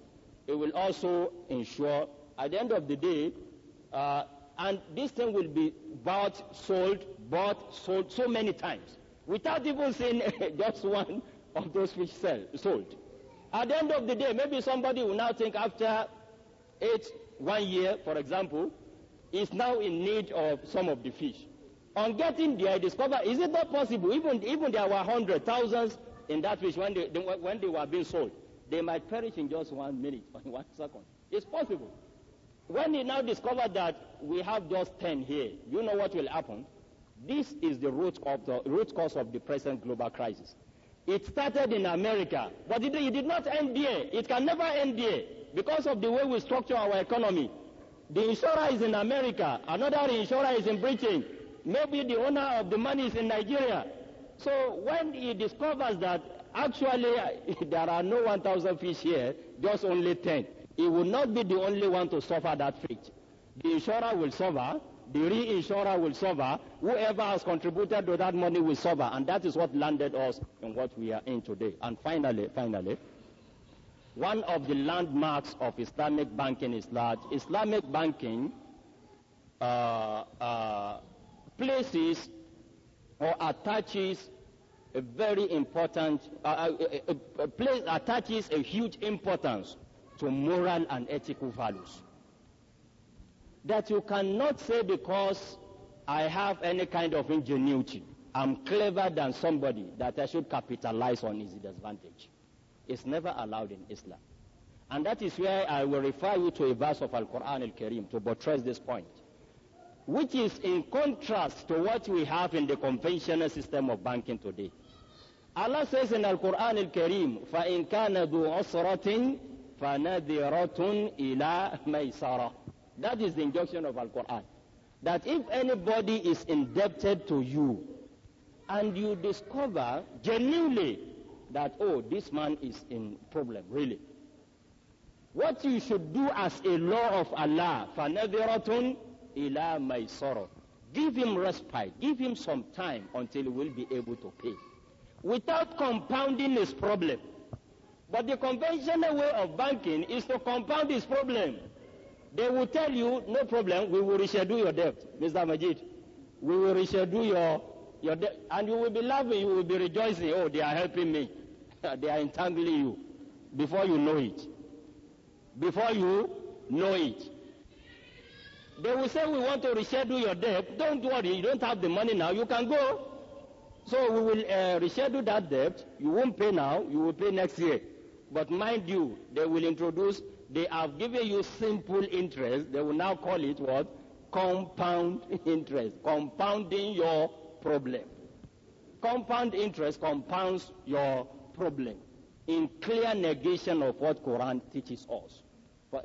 It will also ensure at the end of the day, uh, and this thing will be bought, sold, bought, sold so many times without even seeing just one of those fish sell, sold. At the end of the day, maybe somebody will now think after eight, one year, for example, is now in need of some of the fish. On getting there, I discover is it not possible? Even even there were thousands in that fish when they, when they were being sold. They might perish in just one minute or in one second. It's possible. When they now discover that we have just 10 here, you know what will happen? This is the root, of the root cause of the present global crisis. It started in America, but it, it did not end there. It can never end there because of the way we structure our economy. The insurer is in America, another insurer is in Britain, maybe the owner of the money is in Nigeria. So when he discovers that Actually, there are no 1,000 fish here, just only 10. It will not be the only one to suffer that fate. The insurer will suffer, the reinsurer will suffer, whoever has contributed to that money will suffer, and that is what landed us in what we are in today. And finally, finally, one of the landmarks of Islamic banking is that Islamic banking uh, uh, places or attaches a very important, uh, uh, a, a, a place attaches a huge importance to moral and ethical values. That you cannot say because I have any kind of ingenuity, I'm clever than somebody, that I should capitalize on his disadvantage. It's never allowed in Islam. And that is where I will refer you to a verse of Al-Quran al-Karim to buttress this point, which is in contrast to what we have in the conventional system of banking today. Allah says in Al-Quran Al-Kareem, karim كَانَ ذُو عُسْرَةٍ فَنَذِرَةٌ إِلَى مَيْسَرَةٍ That is the injunction of Al-Quran. That if anybody is indebted to you, and you discover genuinely that, oh, this man is in problem, really. What you should do as a law of Allah, فَنَذِرَةٌ إِلَى مَيْسَرَةٍ Give him respite, give him some time until he will be able to pay. without compounding his problem. But the conventional way of banking is to compound his problem. They will tell you, no problem, we will reschedule your debt, Mr. Majid. We will reschedule your, your debt. And you will be laughing, you will be rejoicing, oh, they are helping me. they are entangling you. Before you know it. Before you know it. They will say, we want to reschedule your debt. Don't worry, you don't have the money now, you can go. So we will uh, reschedule that debt. You won't pay now, you will pay next year. But mind you, they will introduce, they have given you simple interest. They will now call it what? Compound interest. Compounding your problem. Compound interest compounds your problem in clear negation of what Quran teaches us. I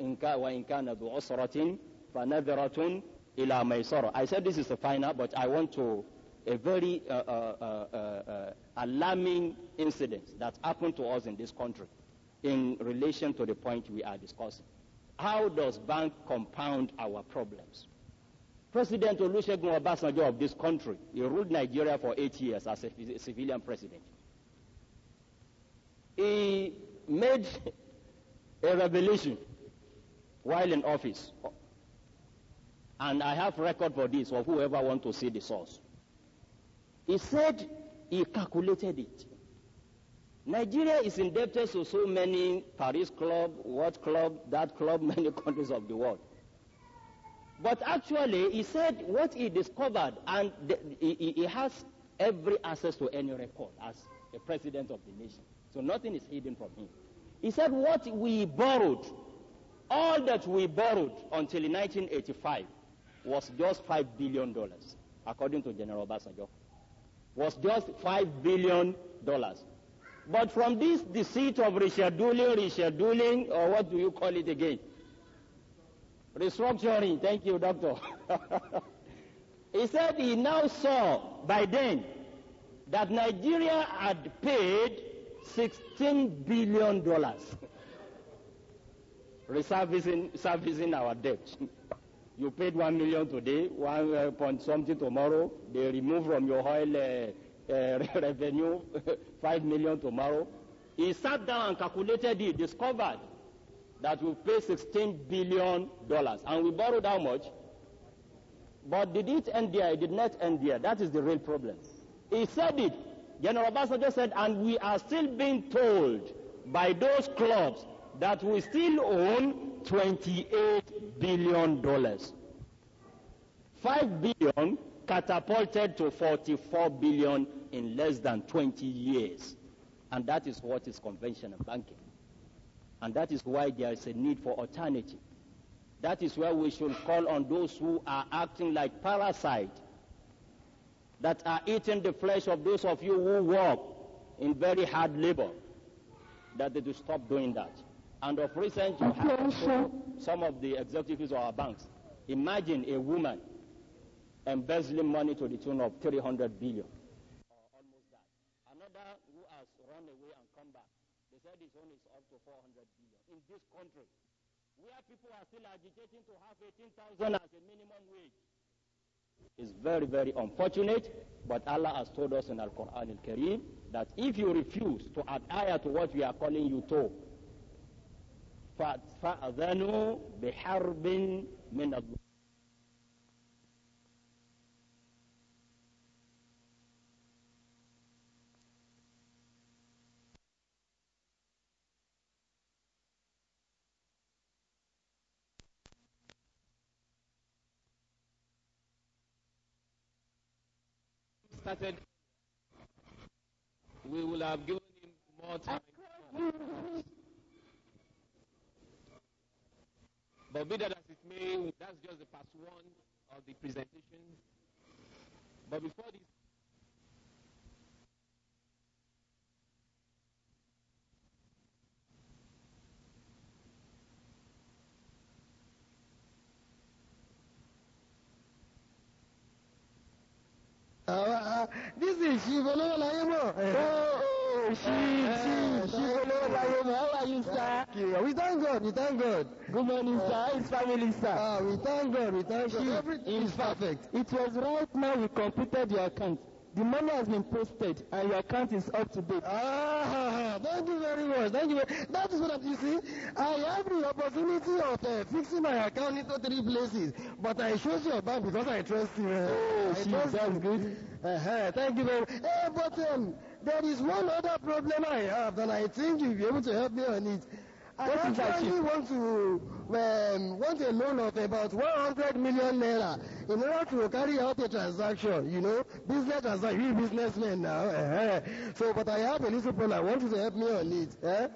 said this is the final, but I want to a very uh uh, uh, uh, alarming incident that happened to us in this country in relation to the point we are discussing. How does bank compound our problems? President Olusegun Obasanjo of this country, he ruled Nigeria for eight years as a civilian president. He made a revelation while in office. And I have record for this for whoever want to see the source. He said he calculated it. Nigeria is indebted to so many Paris club, what club, that club, many countries of the world. But actually, he said what he discovered, and the, he, he has every access to any record as the president of the nation. So nothing is hidden from him. He said what we borrowed, all that we borrowed until 1985 was just $5 billion, according to General Basanjo. was just $5 billion. But from this deceit of rescheduling, rescheduling, or what do you call it again? Restructuring, thank you, doctor. he said he now saw by then that Nigeria had paid $16 billion Resurfacing, servicing our debt. You paid one million today, one uh, point something tomorrow. They remove from your oil uh, uh, revenue five million tomorrow. He sat down and calculated it, discovered that we pay $16 billion. And we borrowed how much? But did it end there? It did not end there. That is the real problem. He said it. General Obasanjo said, and we are still being told by those clubs that we still own 28 billion dollars. 5 billion catapulted to 44 billion in less than 20 years. And that is what is conventional banking. And that is why there is a need for alternative. That is where we should call on those who are acting like parasites that are eating the flesh of those of you who work in very hard labor, that they do stop doing that. And of recent, you have some of the executives of our banks. Imagine a woman embezzling money to the tune of 300 billion. Uh, almost that. Another who has run away and come back, they said his own is up to 400 billion in this country, where people are still agitating to have 18,000 as a minimum wage. It's very, very unfortunate, but Allah has told us in Al Quran Al Kareem that if you refuse to adhere to what we are calling you to, فأذنوا بحرب من الله started, we will have given him more time. But be that as it may, that's just the first one of the presentation. But before this, Uh, uh, this is Shiva Lola eh, Oh, she, she, she's the Lord How are you, sir? We thank God, we thank God. Good morning, sir. His family, sir. Ah, we thank God, we thank she, God. Everything is perfect. It was right now we completed your account. The money has been posted and your account is up to date. Ah, thank you very much. Thank you. Very, that is what I'm, you see. I have the opportunity of uh, fixing my account into three places, but I chose your bank because I trust you. Uh, oh, she, trust that's good. Uh-huh, thank you very much. Eh, hey, but um, There is one other problem I have, and I think you'll be able to help me on it. I what actually want to um, want a loan of about 100 million naira in order to carry out a transaction. You know, business as a real businessman now. Uh-huh. So, but I have a little problem. I want you to help me on it. Uh?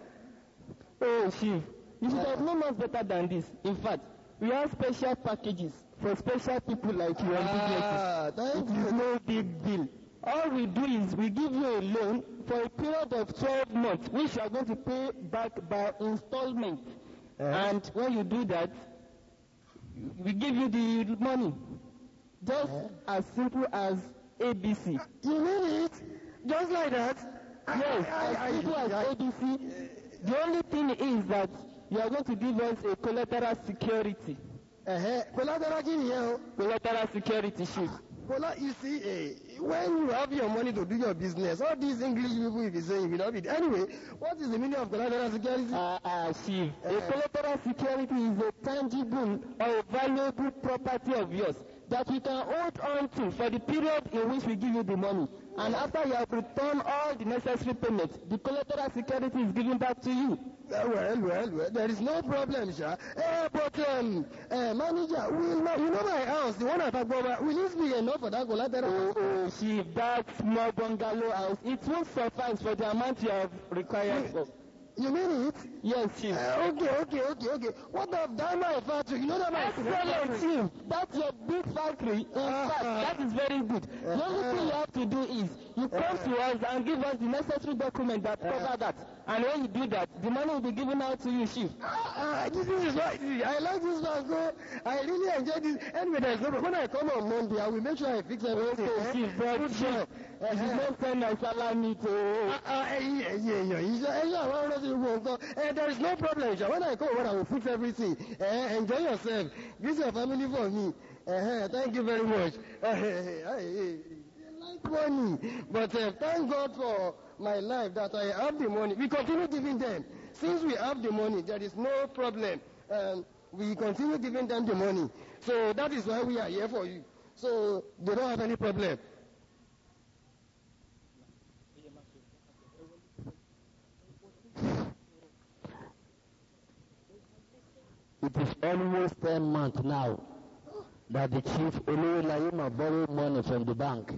Oh, chief, you should have uh-huh. no much better than this. In fact, we have special packages for special people like you and ah, businesses. you. it is no big deal. All we do is we give you a loan for a period of twelve months, which you are going to pay back by installment. Uh-huh. And when you do that, we give you the money. Just uh-huh. as simple as ABC. Uh, you mean it? Just like that? Yes, I, I, as simple as ABC. Uh, the only thing is that you are going to give us a collateral security. Uh-huh. Collateral kí Collateral security sheet. Ah. Bola, you see, eh, when you have your money to do your business, all these English people will be saying, will not be. Anyway, what is the meaning of collateral security? Uh, ah, uh, ah, Shiv, a eh. collateral security is a tangible or a valuable property of yours that you can hold on to for the period in which we give you the money. And after you have returned all the necessary payments, the collateral security is given back to you. Uh, well, well, well, there is no problem, sir. Uh, eh, but, um, uh, manager, will my, you know my house, the one at Agboba, will this be enough for that collateral? Oh, oh, see, that small bungalow house, it won't suffice for the amount you have required. We, You mean it? Yes, Chief. Uh, okay, okay, okay, okay. What I've of Dynamite factory? You know that Excellent, Chief. That's your big factory. In uh that is very good. uh The only thing you uh-huh. have to do is you uh come to uh-huh. us and give us the necessary document that cover that. And when you do that, the money will be given out to you, chief. Ah, ah, this is right. I like this so I really enjoy this. Anyway, there's no problem. When I come on Monday, I will make sure I fix everything. Okay, eh? chief, but chief, it is not time I shall meet. Oh. Ah, ah, eh, yeah, yeah, yeah. Uh, there is no problem. Chief. When I come, I will fix everything. Uh, enjoy yourself. This is your family for me. uh thank you very much. Uh, I like money, but uh, thank God for my life that I have the money. We continue giving them. Since we have the money, there is no problem. Um, we continue giving them the money. So that is why we are here for you. So they don't have any problem. It is almost 10 months now that the chief Oluwelaima borrowed money from the bank.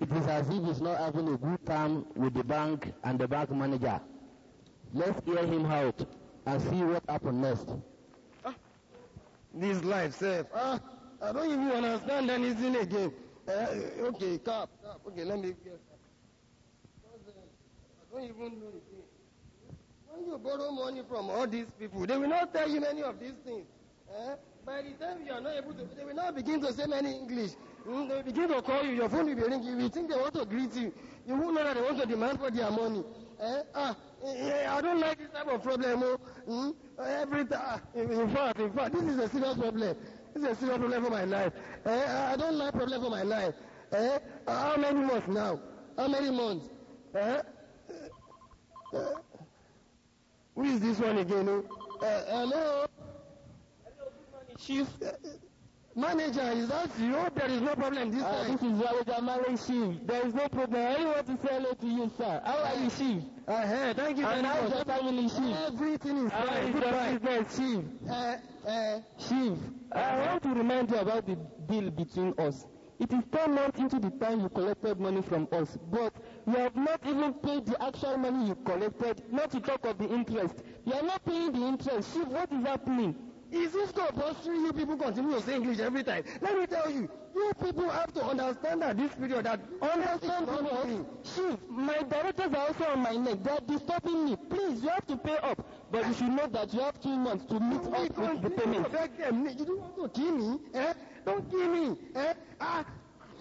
If it is as if he's not having a good time with the bank and the bank manager. Let's hear him out and see what happens next. Ah, this life, sir. Ah, I don't even understand anything again. Uh, okay, cap, Okay, let me I don't even know anything. When you borrow money from all these people, they will not tell you many of these things. Eh? By the time you are not able to, they will now begin to say many English. Mm, they will begin to call you. Your phone will be ringing. You will think they want to greet you. You will know that they want to demand for their money. Eh? Ah, eh, eh I don't like this type of problem. Oh. Mm? Every time, ah, in fact, in fact, this is a serious problem. This is a serious problem for my life. Eh? I don't like problem for my life. Eh? How many months now? How many months? Eh? Eh? eh. Who is this one again? Oh? Eh? hello. Chief uh, uh, Manager, is that you? There is no problem this uh, This is Yaweja Male Chief. There is no problem. I want to sell it to you, sir. How are you, Chief? Uh, uh-huh, hey, thank you very much. family, Chief? Everything is ah, fine. Goodbye. Chief. Uh, uh, Chief, ah, I want to remind you about the deal between us. It is 10 months into the time you collected money from us, but you have not even paid the actual money you collected, not to talk of the interest. You are not paying the interest. Chief, what is happening? Is it compulsory you people continue to say English every time? Let me tell you, you people have to understand that this period that understand people Chief, My directors are also on my neck. They are disturbing me. Please, you have to pay up. But you should know that you have two months to meet we up with the payment. Them. You don't want to kill me, eh? Don't kill me, eh? Ah,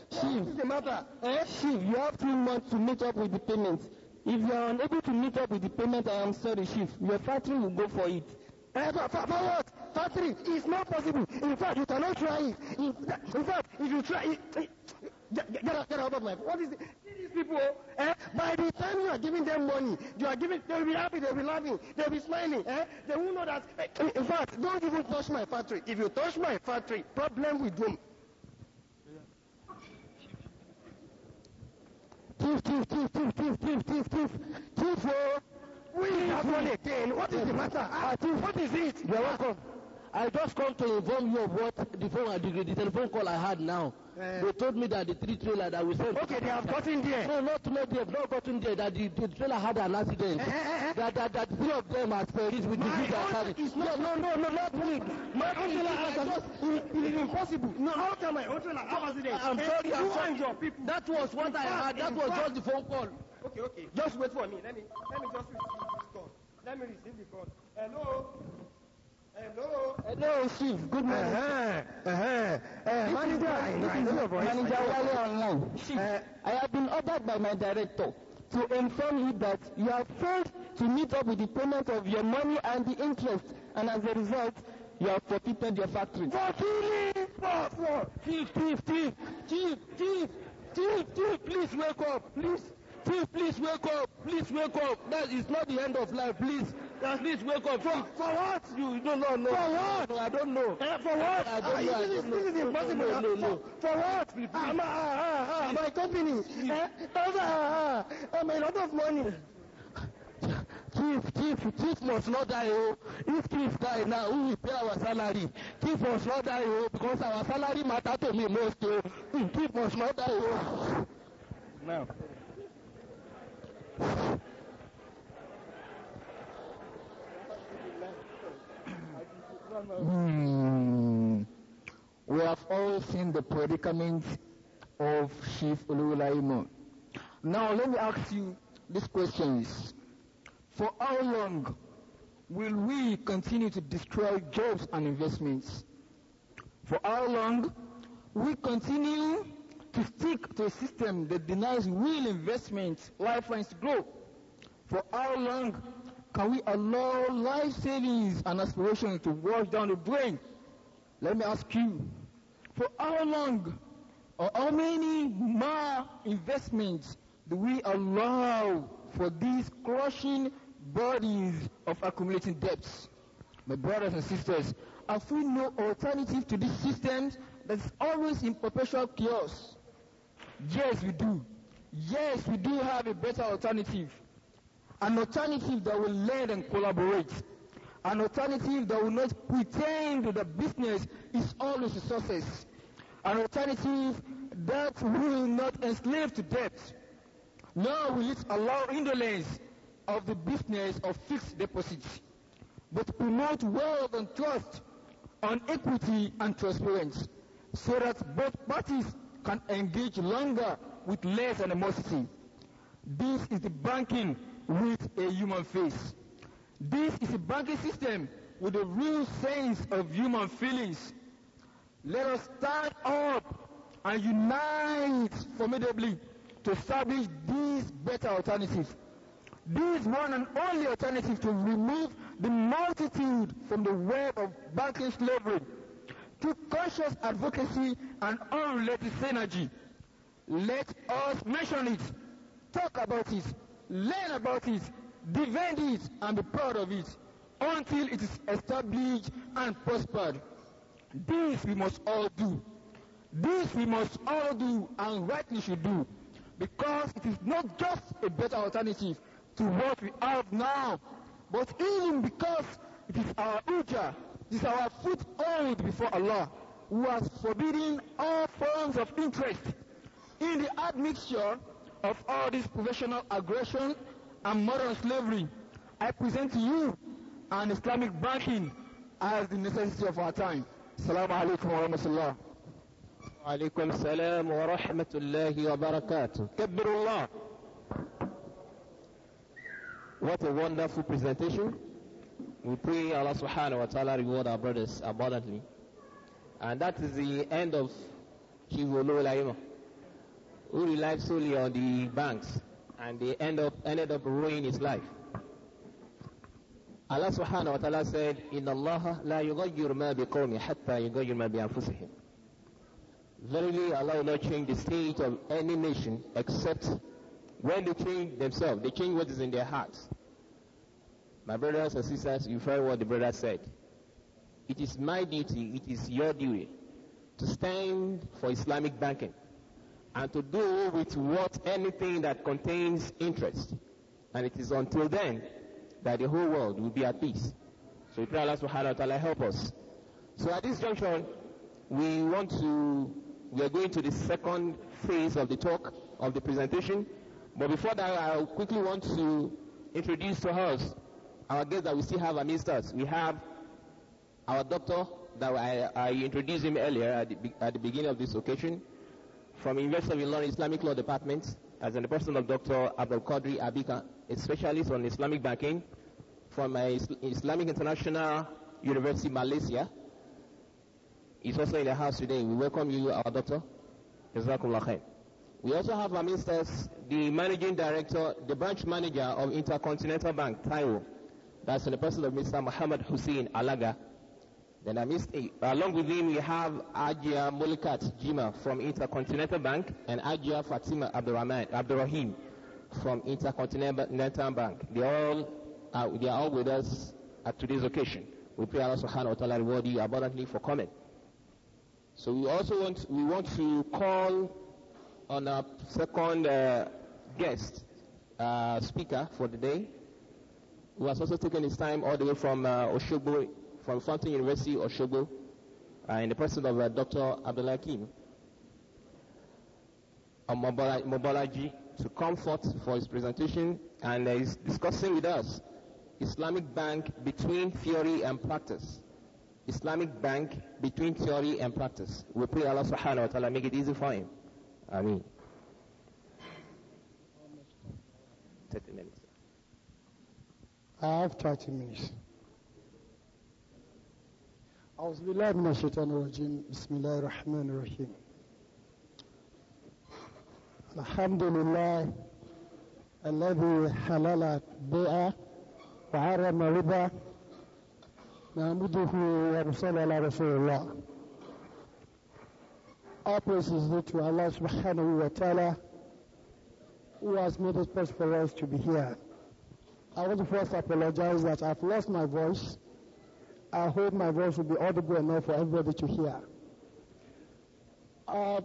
Chief, what the matter? Eh? Chief, you have two months to meet up with the payment. If you are unable to meet up with the payment, I am sorry, Chief. Your factory will go for it. Part three is not possible. In fact, you cannot try it. In, in fact, if you try it, eh, eh, get, get, out, get out of life. What is it? These people, eh? by the time you are giving them money, you are giving, they will be happy, they will be laughing, they will be smiling. Eh? They will know that. Eh, in fact, don't even touch my factory. If you touch my factory, problem with them. Thief, thief, thief, thief, thief, thief, thief, thief, thief, thief, oh. We have done again. What is the matter? Atif, what is it? You're welcome. I just come to inform you of what the phone I the telephone call I had now. Uh, they told me that the three trailer that we sent. Okay, they have gotten there. No, not not they have not gotten there. That the, the trailer had an accident. Uh, uh, that, that that three of them has perished with My the vehicle. No, no, no, no, not me. My own trailer has It is impossible. No, how come my own trailer have accident? I'm sorry, I'm sorry. That was what I had. That was just the phone call. Okay, okay. Just wait for me. Let me let me just receive this call. Let me receive the call. Hello. Hello. Hello, Steve. Good morning. Uh-huh. Uh-huh. Uh, manager, right, this is your voice. Manager Wale Online. Chief, uh, eh, I have been ordered by my director to inform you that you have failed to meet up with the payment of your money and the interest, and as a result, you have forfeited your factory. Forfeited! Forfeited! Chief, chief, chief, chief, chief, chief, chief, please wake up, please. Please, please wake up. Please wake up. That is not the end of life. Please, please wake up. For, for what? You, you don't know. No. For what? No, I don't know. Uh, for what? I, ah, I don't uh, know. This, I don't know. is impossible. No, no, no. For, what? Please, ah, please. Uh, my, uh, uh, uh, my company. Please. Uh, uh, uh, um, a lot of money. Chief, chief, chief must not die. Oh. If chief die now, who will pay our salary? Chief must not die. Oh, because our salary matter to me most. Oh. Chief must not die. Oh. Now. Hmm. We have all seen the predicament of Chief Ululaimo. Now let me ask you these questions. For how long will we continue to destroy jobs and investments? For how long will we continue to stick to a system that denies real investment, life, to grow. For how long can we allow life savings and aspirations to wash down the brain? Let me ask you, for how long or how many more investments do we allow for these crushing bodies of accumulating debts? My brothers and sisters, as we no alternative to these systems that's always in perpetual chaos, Yes, we do. Yes, we do have a better alternative. An alternative that will learn and collaborate. An alternative that will not pretend that the business is always a success. An alternative that will not enslave to debt, nor will it allow indolence of the business of fixed deposits, but promote wealth and trust on equity and transparency, so that both parties can engage longer with less animosity. This is the banking with a human face. This is a banking system with a real sense of human feelings. Let us stand up and unite formidably to establish this better alternative. This one and only alternative to remove the multitude from the web of banking slavery through conscious advocacy and unrelated synergy. Let us mention it, talk about it, learn about it, defend it, and be proud of it until it is established and prospered. This we must all do. This we must all do and rightly should do because it is not just a better alternative to what we have now, but even because it is our future is our foot hold before Allah, who has forbidden all forms of interest in the admixture of all this professional aggression and modern slavery? I present to you an Islamic banking as the necessity of our time. Assalamu alaikum wa rahmatullah. وعليكم السلام ورحمة الله وبركاته الله What a wonderful presentation. We pray Allah subhanahu wa ta'ala reward our brothers abundantly. And that is the end of Kivolo Laima, who relied solely on the banks and they end up, ended up ruining his life. Allah subhanahu wa ta'ala said, In Allah la yughayyiru ma biqawmi hatta yughayyiru ma bi Verily Allah will not change the state of any nation except when they change themselves, they change what is in their hearts. My brothers and sisters, you heard what the brother said. It is my duty, it is your duty to stand for Islamic banking and to do with what anything that contains interest. And it is until then that the whole world will be at peace. So we pray Allah subhanahu wa ta'ala help us. So at this junction, we want to, we are going to the second phase of the talk, of the presentation. But before that, I quickly want to introduce to us our guests that we still have amidst us. We have our doctor that I, I introduced him earlier at the, at the, beginning of this occasion from University of Illinois Islamic Law Department as a person of Dr. Abdul Qadri Abika, a specialist on Islamic banking from Islamic International University Malaysia. He's also in the house today. We welcome you, our doctor. We also have amidst us the managing director, the branch manager of Intercontinental Bank, Taiwo. That's in the person of Mr. Muhammad Hussein Alaga. Then I missed eight. Along with him, we have Ajia Mulikat Jima from Intercontinental Bank and Ajia Fatima Abdulrahim Abdurrahim from Intercontinental Bank. They all are, they are all with us at today's occasion. We pray Allah subhanahu wa ta'ala reward you abundantly for coming. So we also want, we want to call on our second uh, guest uh, speaker for the day, who has also taken his time all the way from uh, Oshobo, from Fountain University, Oshobo, uh, in the presence of uh, Dr. Abdulakim Mobolaji to come forth for his presentation and uh, he's discussing with us Islamic Bank between theory and practice. Islamic Bank between theory and practice. We pray Allah subhanahu wa ta'ala make it easy for him. Ameen. I have 30 minutes. أعوذ بالله من الشيطان الرجيم بسم الله الرحمن الرحيم الحمد لله الذي حلل البيع وحرم الربا نعمده ونصلي على رسول الله All praises due to Allah subhanahu wa ta'ala who has made it possible for us to be here. I want to first apologize that I've lost my voice. I hope my voice will be audible enough for everybody to hear. Uh,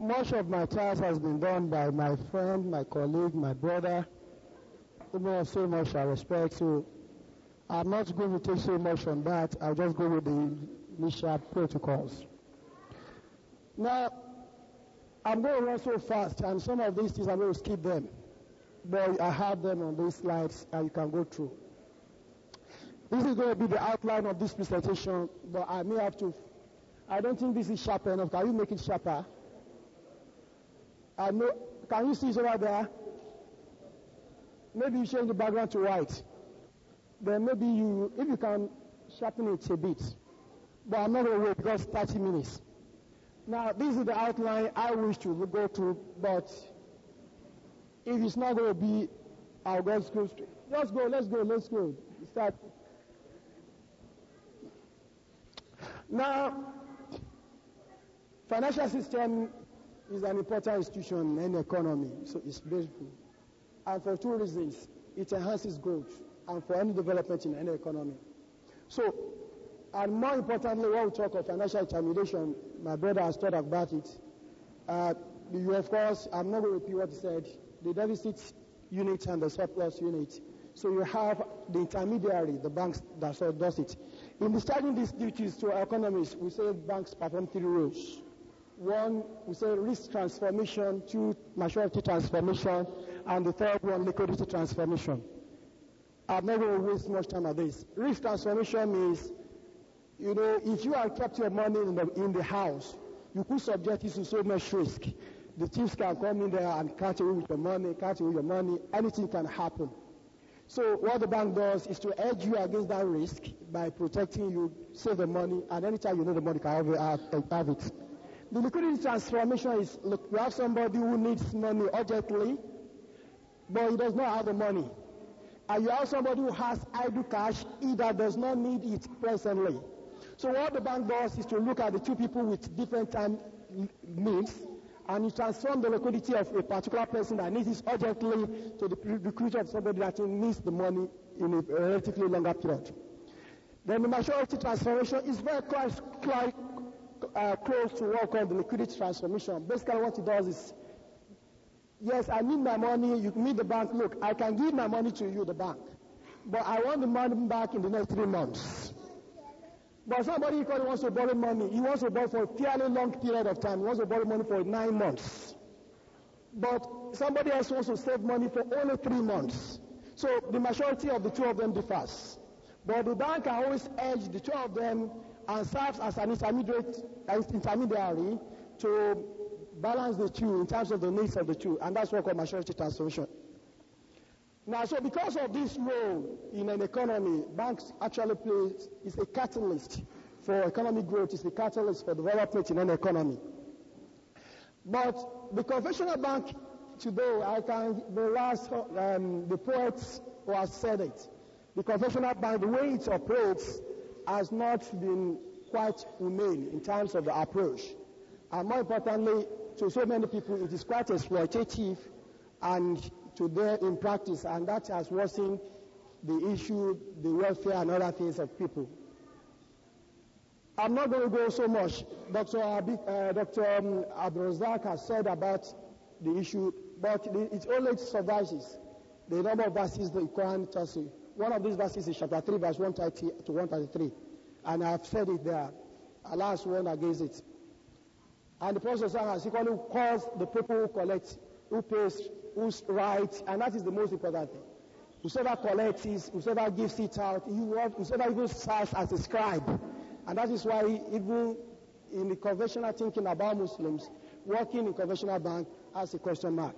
much of my task has been done by my friend, my colleague, my brother, whom I so much I respect. So I'm not going to take so much on that. I'll just go with the initial protocols. Now, I'm going to run so fast, and some of these things I'm going to skip them. But I have them on these slides and you can go through. This is going to be the outline of this presentation, but I may have to. I don't think this is sharp enough. Can you make it sharper? I know. Can you see it over there? Maybe you change the background to white. Then maybe you, if you can, sharpen it a bit. But I'm not going to wait because 30 minutes. Now, this is the outline I wish to go through, but if it's not going to be our God's school, us go, let's go, let's go. Start. Now, financial system is an important institution in economy, so it's baseful. And for two reasons, it enhances growth and for any development in any economy. So, and more importantly, when we talk of financial intermediation, my brother has talked about it. Uh, you, of course, I'm not going to repeat what he said the deficit unit and the surplus unit. So you have the intermediary, the banks that sort of does it. In discharging these duties to our economies, we say banks perform three roles. One, we say risk transformation, two, maturity transformation, and the third one, liquidity transformation. I'm not going to waste much time on this. Risk transformation means, you know, if you have kept your money in the, in the house, you could subject it to so much risk the thieves can come in there and catch you with your money, catch you with your money. Anything can happen. So what the bank does is to hedge you against that risk by protecting you, save the money, and anytime you need the money can have, have, have it. The liquidity transformation is look, you have somebody who needs money urgently, but he does not have the money. And you have somebody who has idle cash, either does not need it presently. So what the bank does is to look at the two people with different time needs and you transform the liquidity of a particular person that needs it urgently to the liquidity of somebody that needs the money in a relatively longer period. Then the maturity transformation is very close, close, uh, close to what called the liquidity transformation. Basically, what it does is, yes, I need my money. You need the bank. Look, I can give my money to you, the bank, but I want the money back in the next three months. But somebody equally wants to borrow money. He wants to borrow for a fairly long period of time. He wants to borrow money for nine months. But somebody else wants to save money for only three months. So the majority of the two of them differs. But the bank can always edge the two of them and serves as an intermediary to balance the two in terms of the needs of the two. And that's what called maturity transformation. Now, so because of this role in an economy, banks actually play is a catalyst for economic growth, is a catalyst for development in an economy. But the conventional bank today, I can the last um, the poets who have said it, the conventional bank, the way it operates, has not been quite humane in terms of the approach, and more importantly, to so many people, it is quite exploitative and today in practice, and that has worsened the issue, the welfare, and other things of people. I'm not going to go so much. Dr. Abi, uh, Dr. Um, has said about the issue, but it only survives the number of verses the Quran tells you. One of these verses is chapter 3, verse 130 to 133. And I've said it there. Allah has warned against it. And the Prophet has equally caused the people who collect, who pays who's right, and that is the most important thing. Whosoever collects it, whosoever gives it out, whosoever even serves as a scribe. And that is why even in the conventional thinking about Muslims, working in conventional bank has a question mark.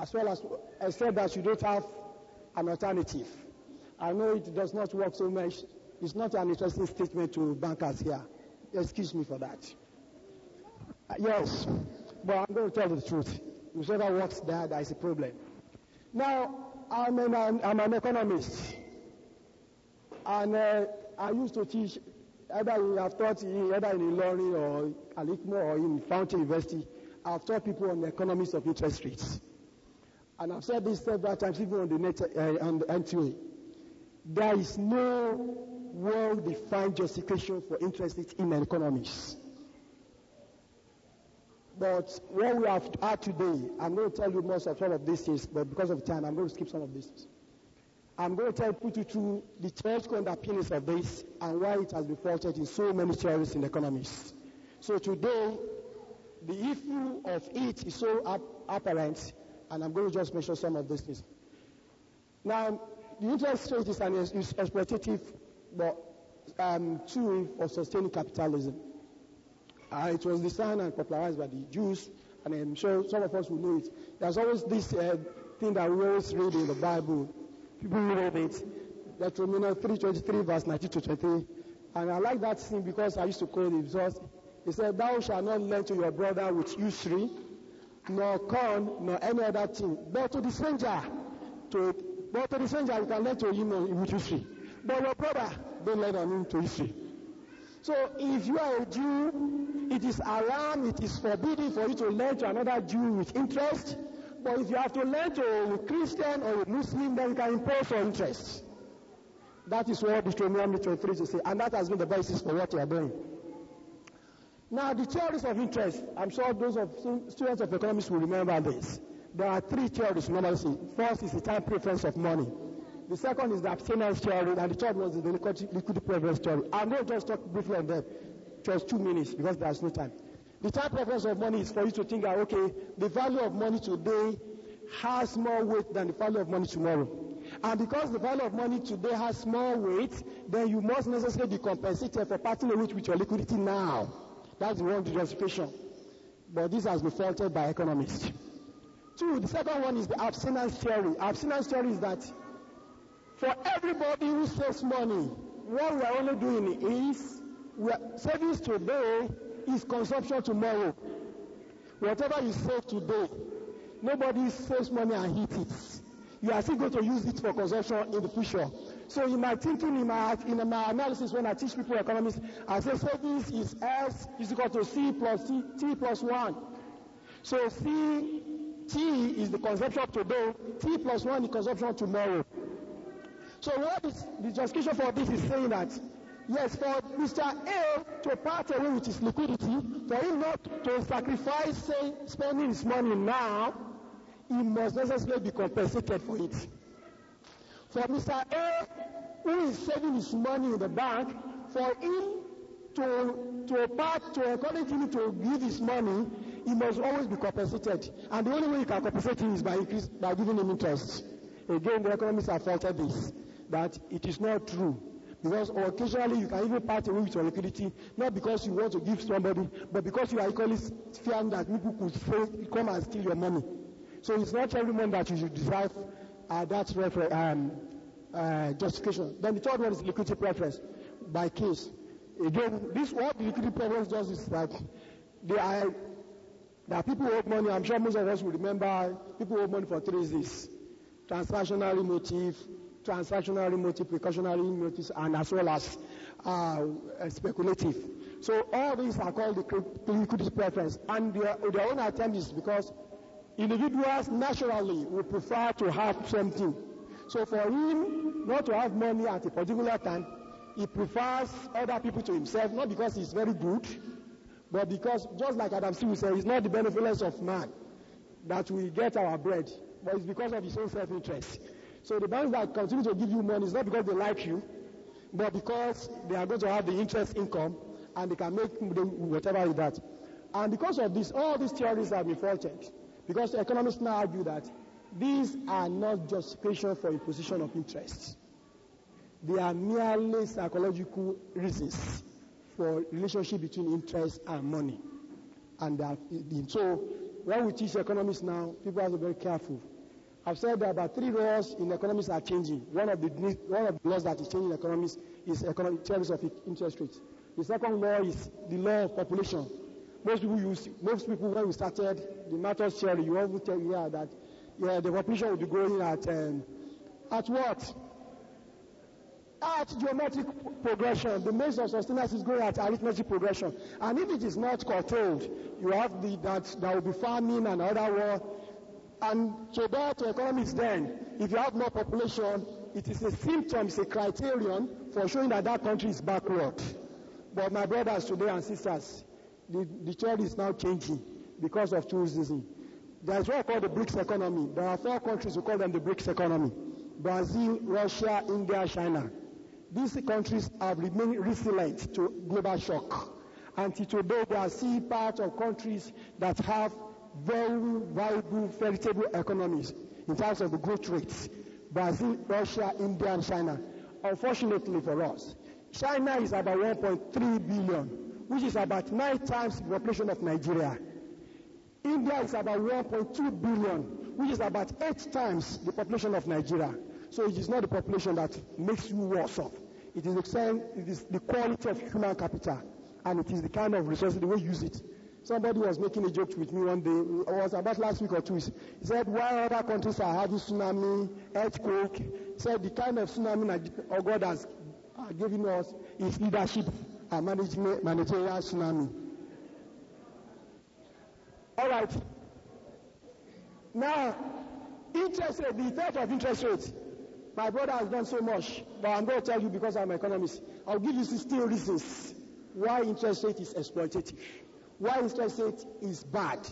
As well as except that you don't have an alternative. I know it does not work so much. It's not an interesting statement to bankers here. Excuse me for that. Uh, yes, but I'm going to tell you the truth. Whichever works there, there is a problem. Now, I'm an, I'm an economist, and uh, I used to teach either in, have taught in, either in Ilorin or Alikmo or in Fountain University. I've taught people on the economics of interest rates. And I've said this several times, even on the, net, uh, on the NTA. There is no well-defined justification for interest rates in economics. But what we have had today, I'm going to tell you most of all of these things, but because of time, I'm going to skip some of these I'm going to tell put you through the church underpinnings of this and why it has been faulted in so many theories in economics. So today, the issue of it is so apparent, and I'm going to just mention some of these things. Now, the interest rate is an exploitative but, um, tool for sustaining capitalism. Uh, it was designed and popularized by the Jews, and I'm sure some of us will know it. There's always this uh, thing that we always read in the Bible. People read it. Deuteronomy 3:23, verse 19 to 23. And I like that scene because I used to quote it because it said, "Thou shalt not lend to your brother with usury, nor corn, nor any other thing, but to the stranger, to but to the stranger you can lend to him uh, with usury, but your brother don't lend on him to usury." So if you are a Jew, it is haram, it is forbidden for you to lend to another Jew with interest. But if you have to lend to a Christian or a Muslim, then you can impose for interest. That is what Deuteronomy 23 is and that has been the basis for what we are doing. Now, the theories of interest, I'm sure those of students of economics will remember this. There are three theories normally. First is the time preference of money. The second is the abstinence theory, and the third one is the liquid, liquid preference theory. I'm going to just talk briefly on them, just two minutes, because there's no time. The time preference of money is for you to think that, okay, the value of money today has more weight than the value of money tomorrow. And because the value of money today has more weight, then you must necessarily be compensated for parting away with your liquidity now. That's the wrong justification. But this has been faulted by economists. Two, the second one is the abstinence theory. Abstinence theory is that for everybody who saves money, what we are only doing is we are, savings today is consumption tomorrow. Whatever you save today, nobody saves money and eats it. You are still going to use it for consumption in the future. So in my thinking, in my, in my analysis, when I teach people economics, I say savings is S is equal to C plus T, T plus 1. So C, T is the consumption today, T plus 1 is consumption tomorrow. So what is the justification for this is saying that yes, for Mr. A to part away with his liquidity, for him not to sacrifice say, spending his money now, he must necessarily be compensated for it. For Mr. A, who is saving his money in the bank, for him to to part to encourage him to give his money, he must always be compensated. And the only way you can compensate him is by increase by giving him interest. Again, the economists have faulted this that it is not true. Because occasionally you can even part away with your liquidity, not because you want to give somebody, but because you are equally fearing that people could come and steal your money. So it's not everyone that you should derive uh, that refer- um, uh, justification. Then the third one is liquidity preference by case. Again, this what liquidity preference does is that there are, people who hold money. I'm sure most of us will remember people who hold money for three reasons: transactional motive, transactionary, multiplicationary, and as well as uh, speculative. So all these are called the liquidity preference, and their, their own attempt is because individuals naturally would prefer to have something. So for him not to have money at a particular time, he prefers other people to himself, not because he's very good, but because, just like Adam Smith said, it's not the benevolence of man that we get our bread, but it's because of his own self-interest. So the banks that continue to give you money is not because they like you, but because they are going to have the interest income and they can make whatever with that. And because of this, all these theories have been faulted. Because economists now argue that these are not justification for a position of interest. They are merely psychological reasons for relationship between interest and money. And so when we teach economics now, people have to be very careful I've said that about three laws in economics are changing. One of the one of the laws that is changing in economics is economic terms of interest rates. The second law is the law of population. Most people use most people when we started the matter theory, you always tell me yeah, that yeah, the population will be growing at um, at what? At geometric progression. The measure of sustenance is going at arithmetic progression. And if it is not controlled, you have the that there will be famine and other war and so that economics then, if you have more population, it is a symptom, it's a criterion for showing that that country is backward. But my brothers today and sisters, the, the trend is now changing because of tourism. There is what called the BRICS economy. There are four countries, we call them the BRICS economy. Brazil, Russia, India, China. These countries have remained resilient to global shock. And today, they are still part of countries that have very viable, veritable economies in terms of the growth rates. Brazil, Russia, India, and China. Unfortunately for us, China is about 1.3 billion, which is about nine times the population of Nigeria. India is about 1.2 billion, which is about eight times the population of Nigeria. So it is not the population that makes you worse off. It is the, the quality of human capital, and it is the kind of resources, the way you use it, Somebody was making a joke with me one day, it was about last week or two. He said, why other countries are having tsunami, earthquake. He said, the kind of tsunami that oh, God has given us is leadership and management, managerial tsunami. All right. Now, interest rate, the effect of interest rates. My brother has done so much, but I'm going to tell you because I'm an economist. I'll give you 16 reasons why interest rate is exploitative. Why is just it is bad?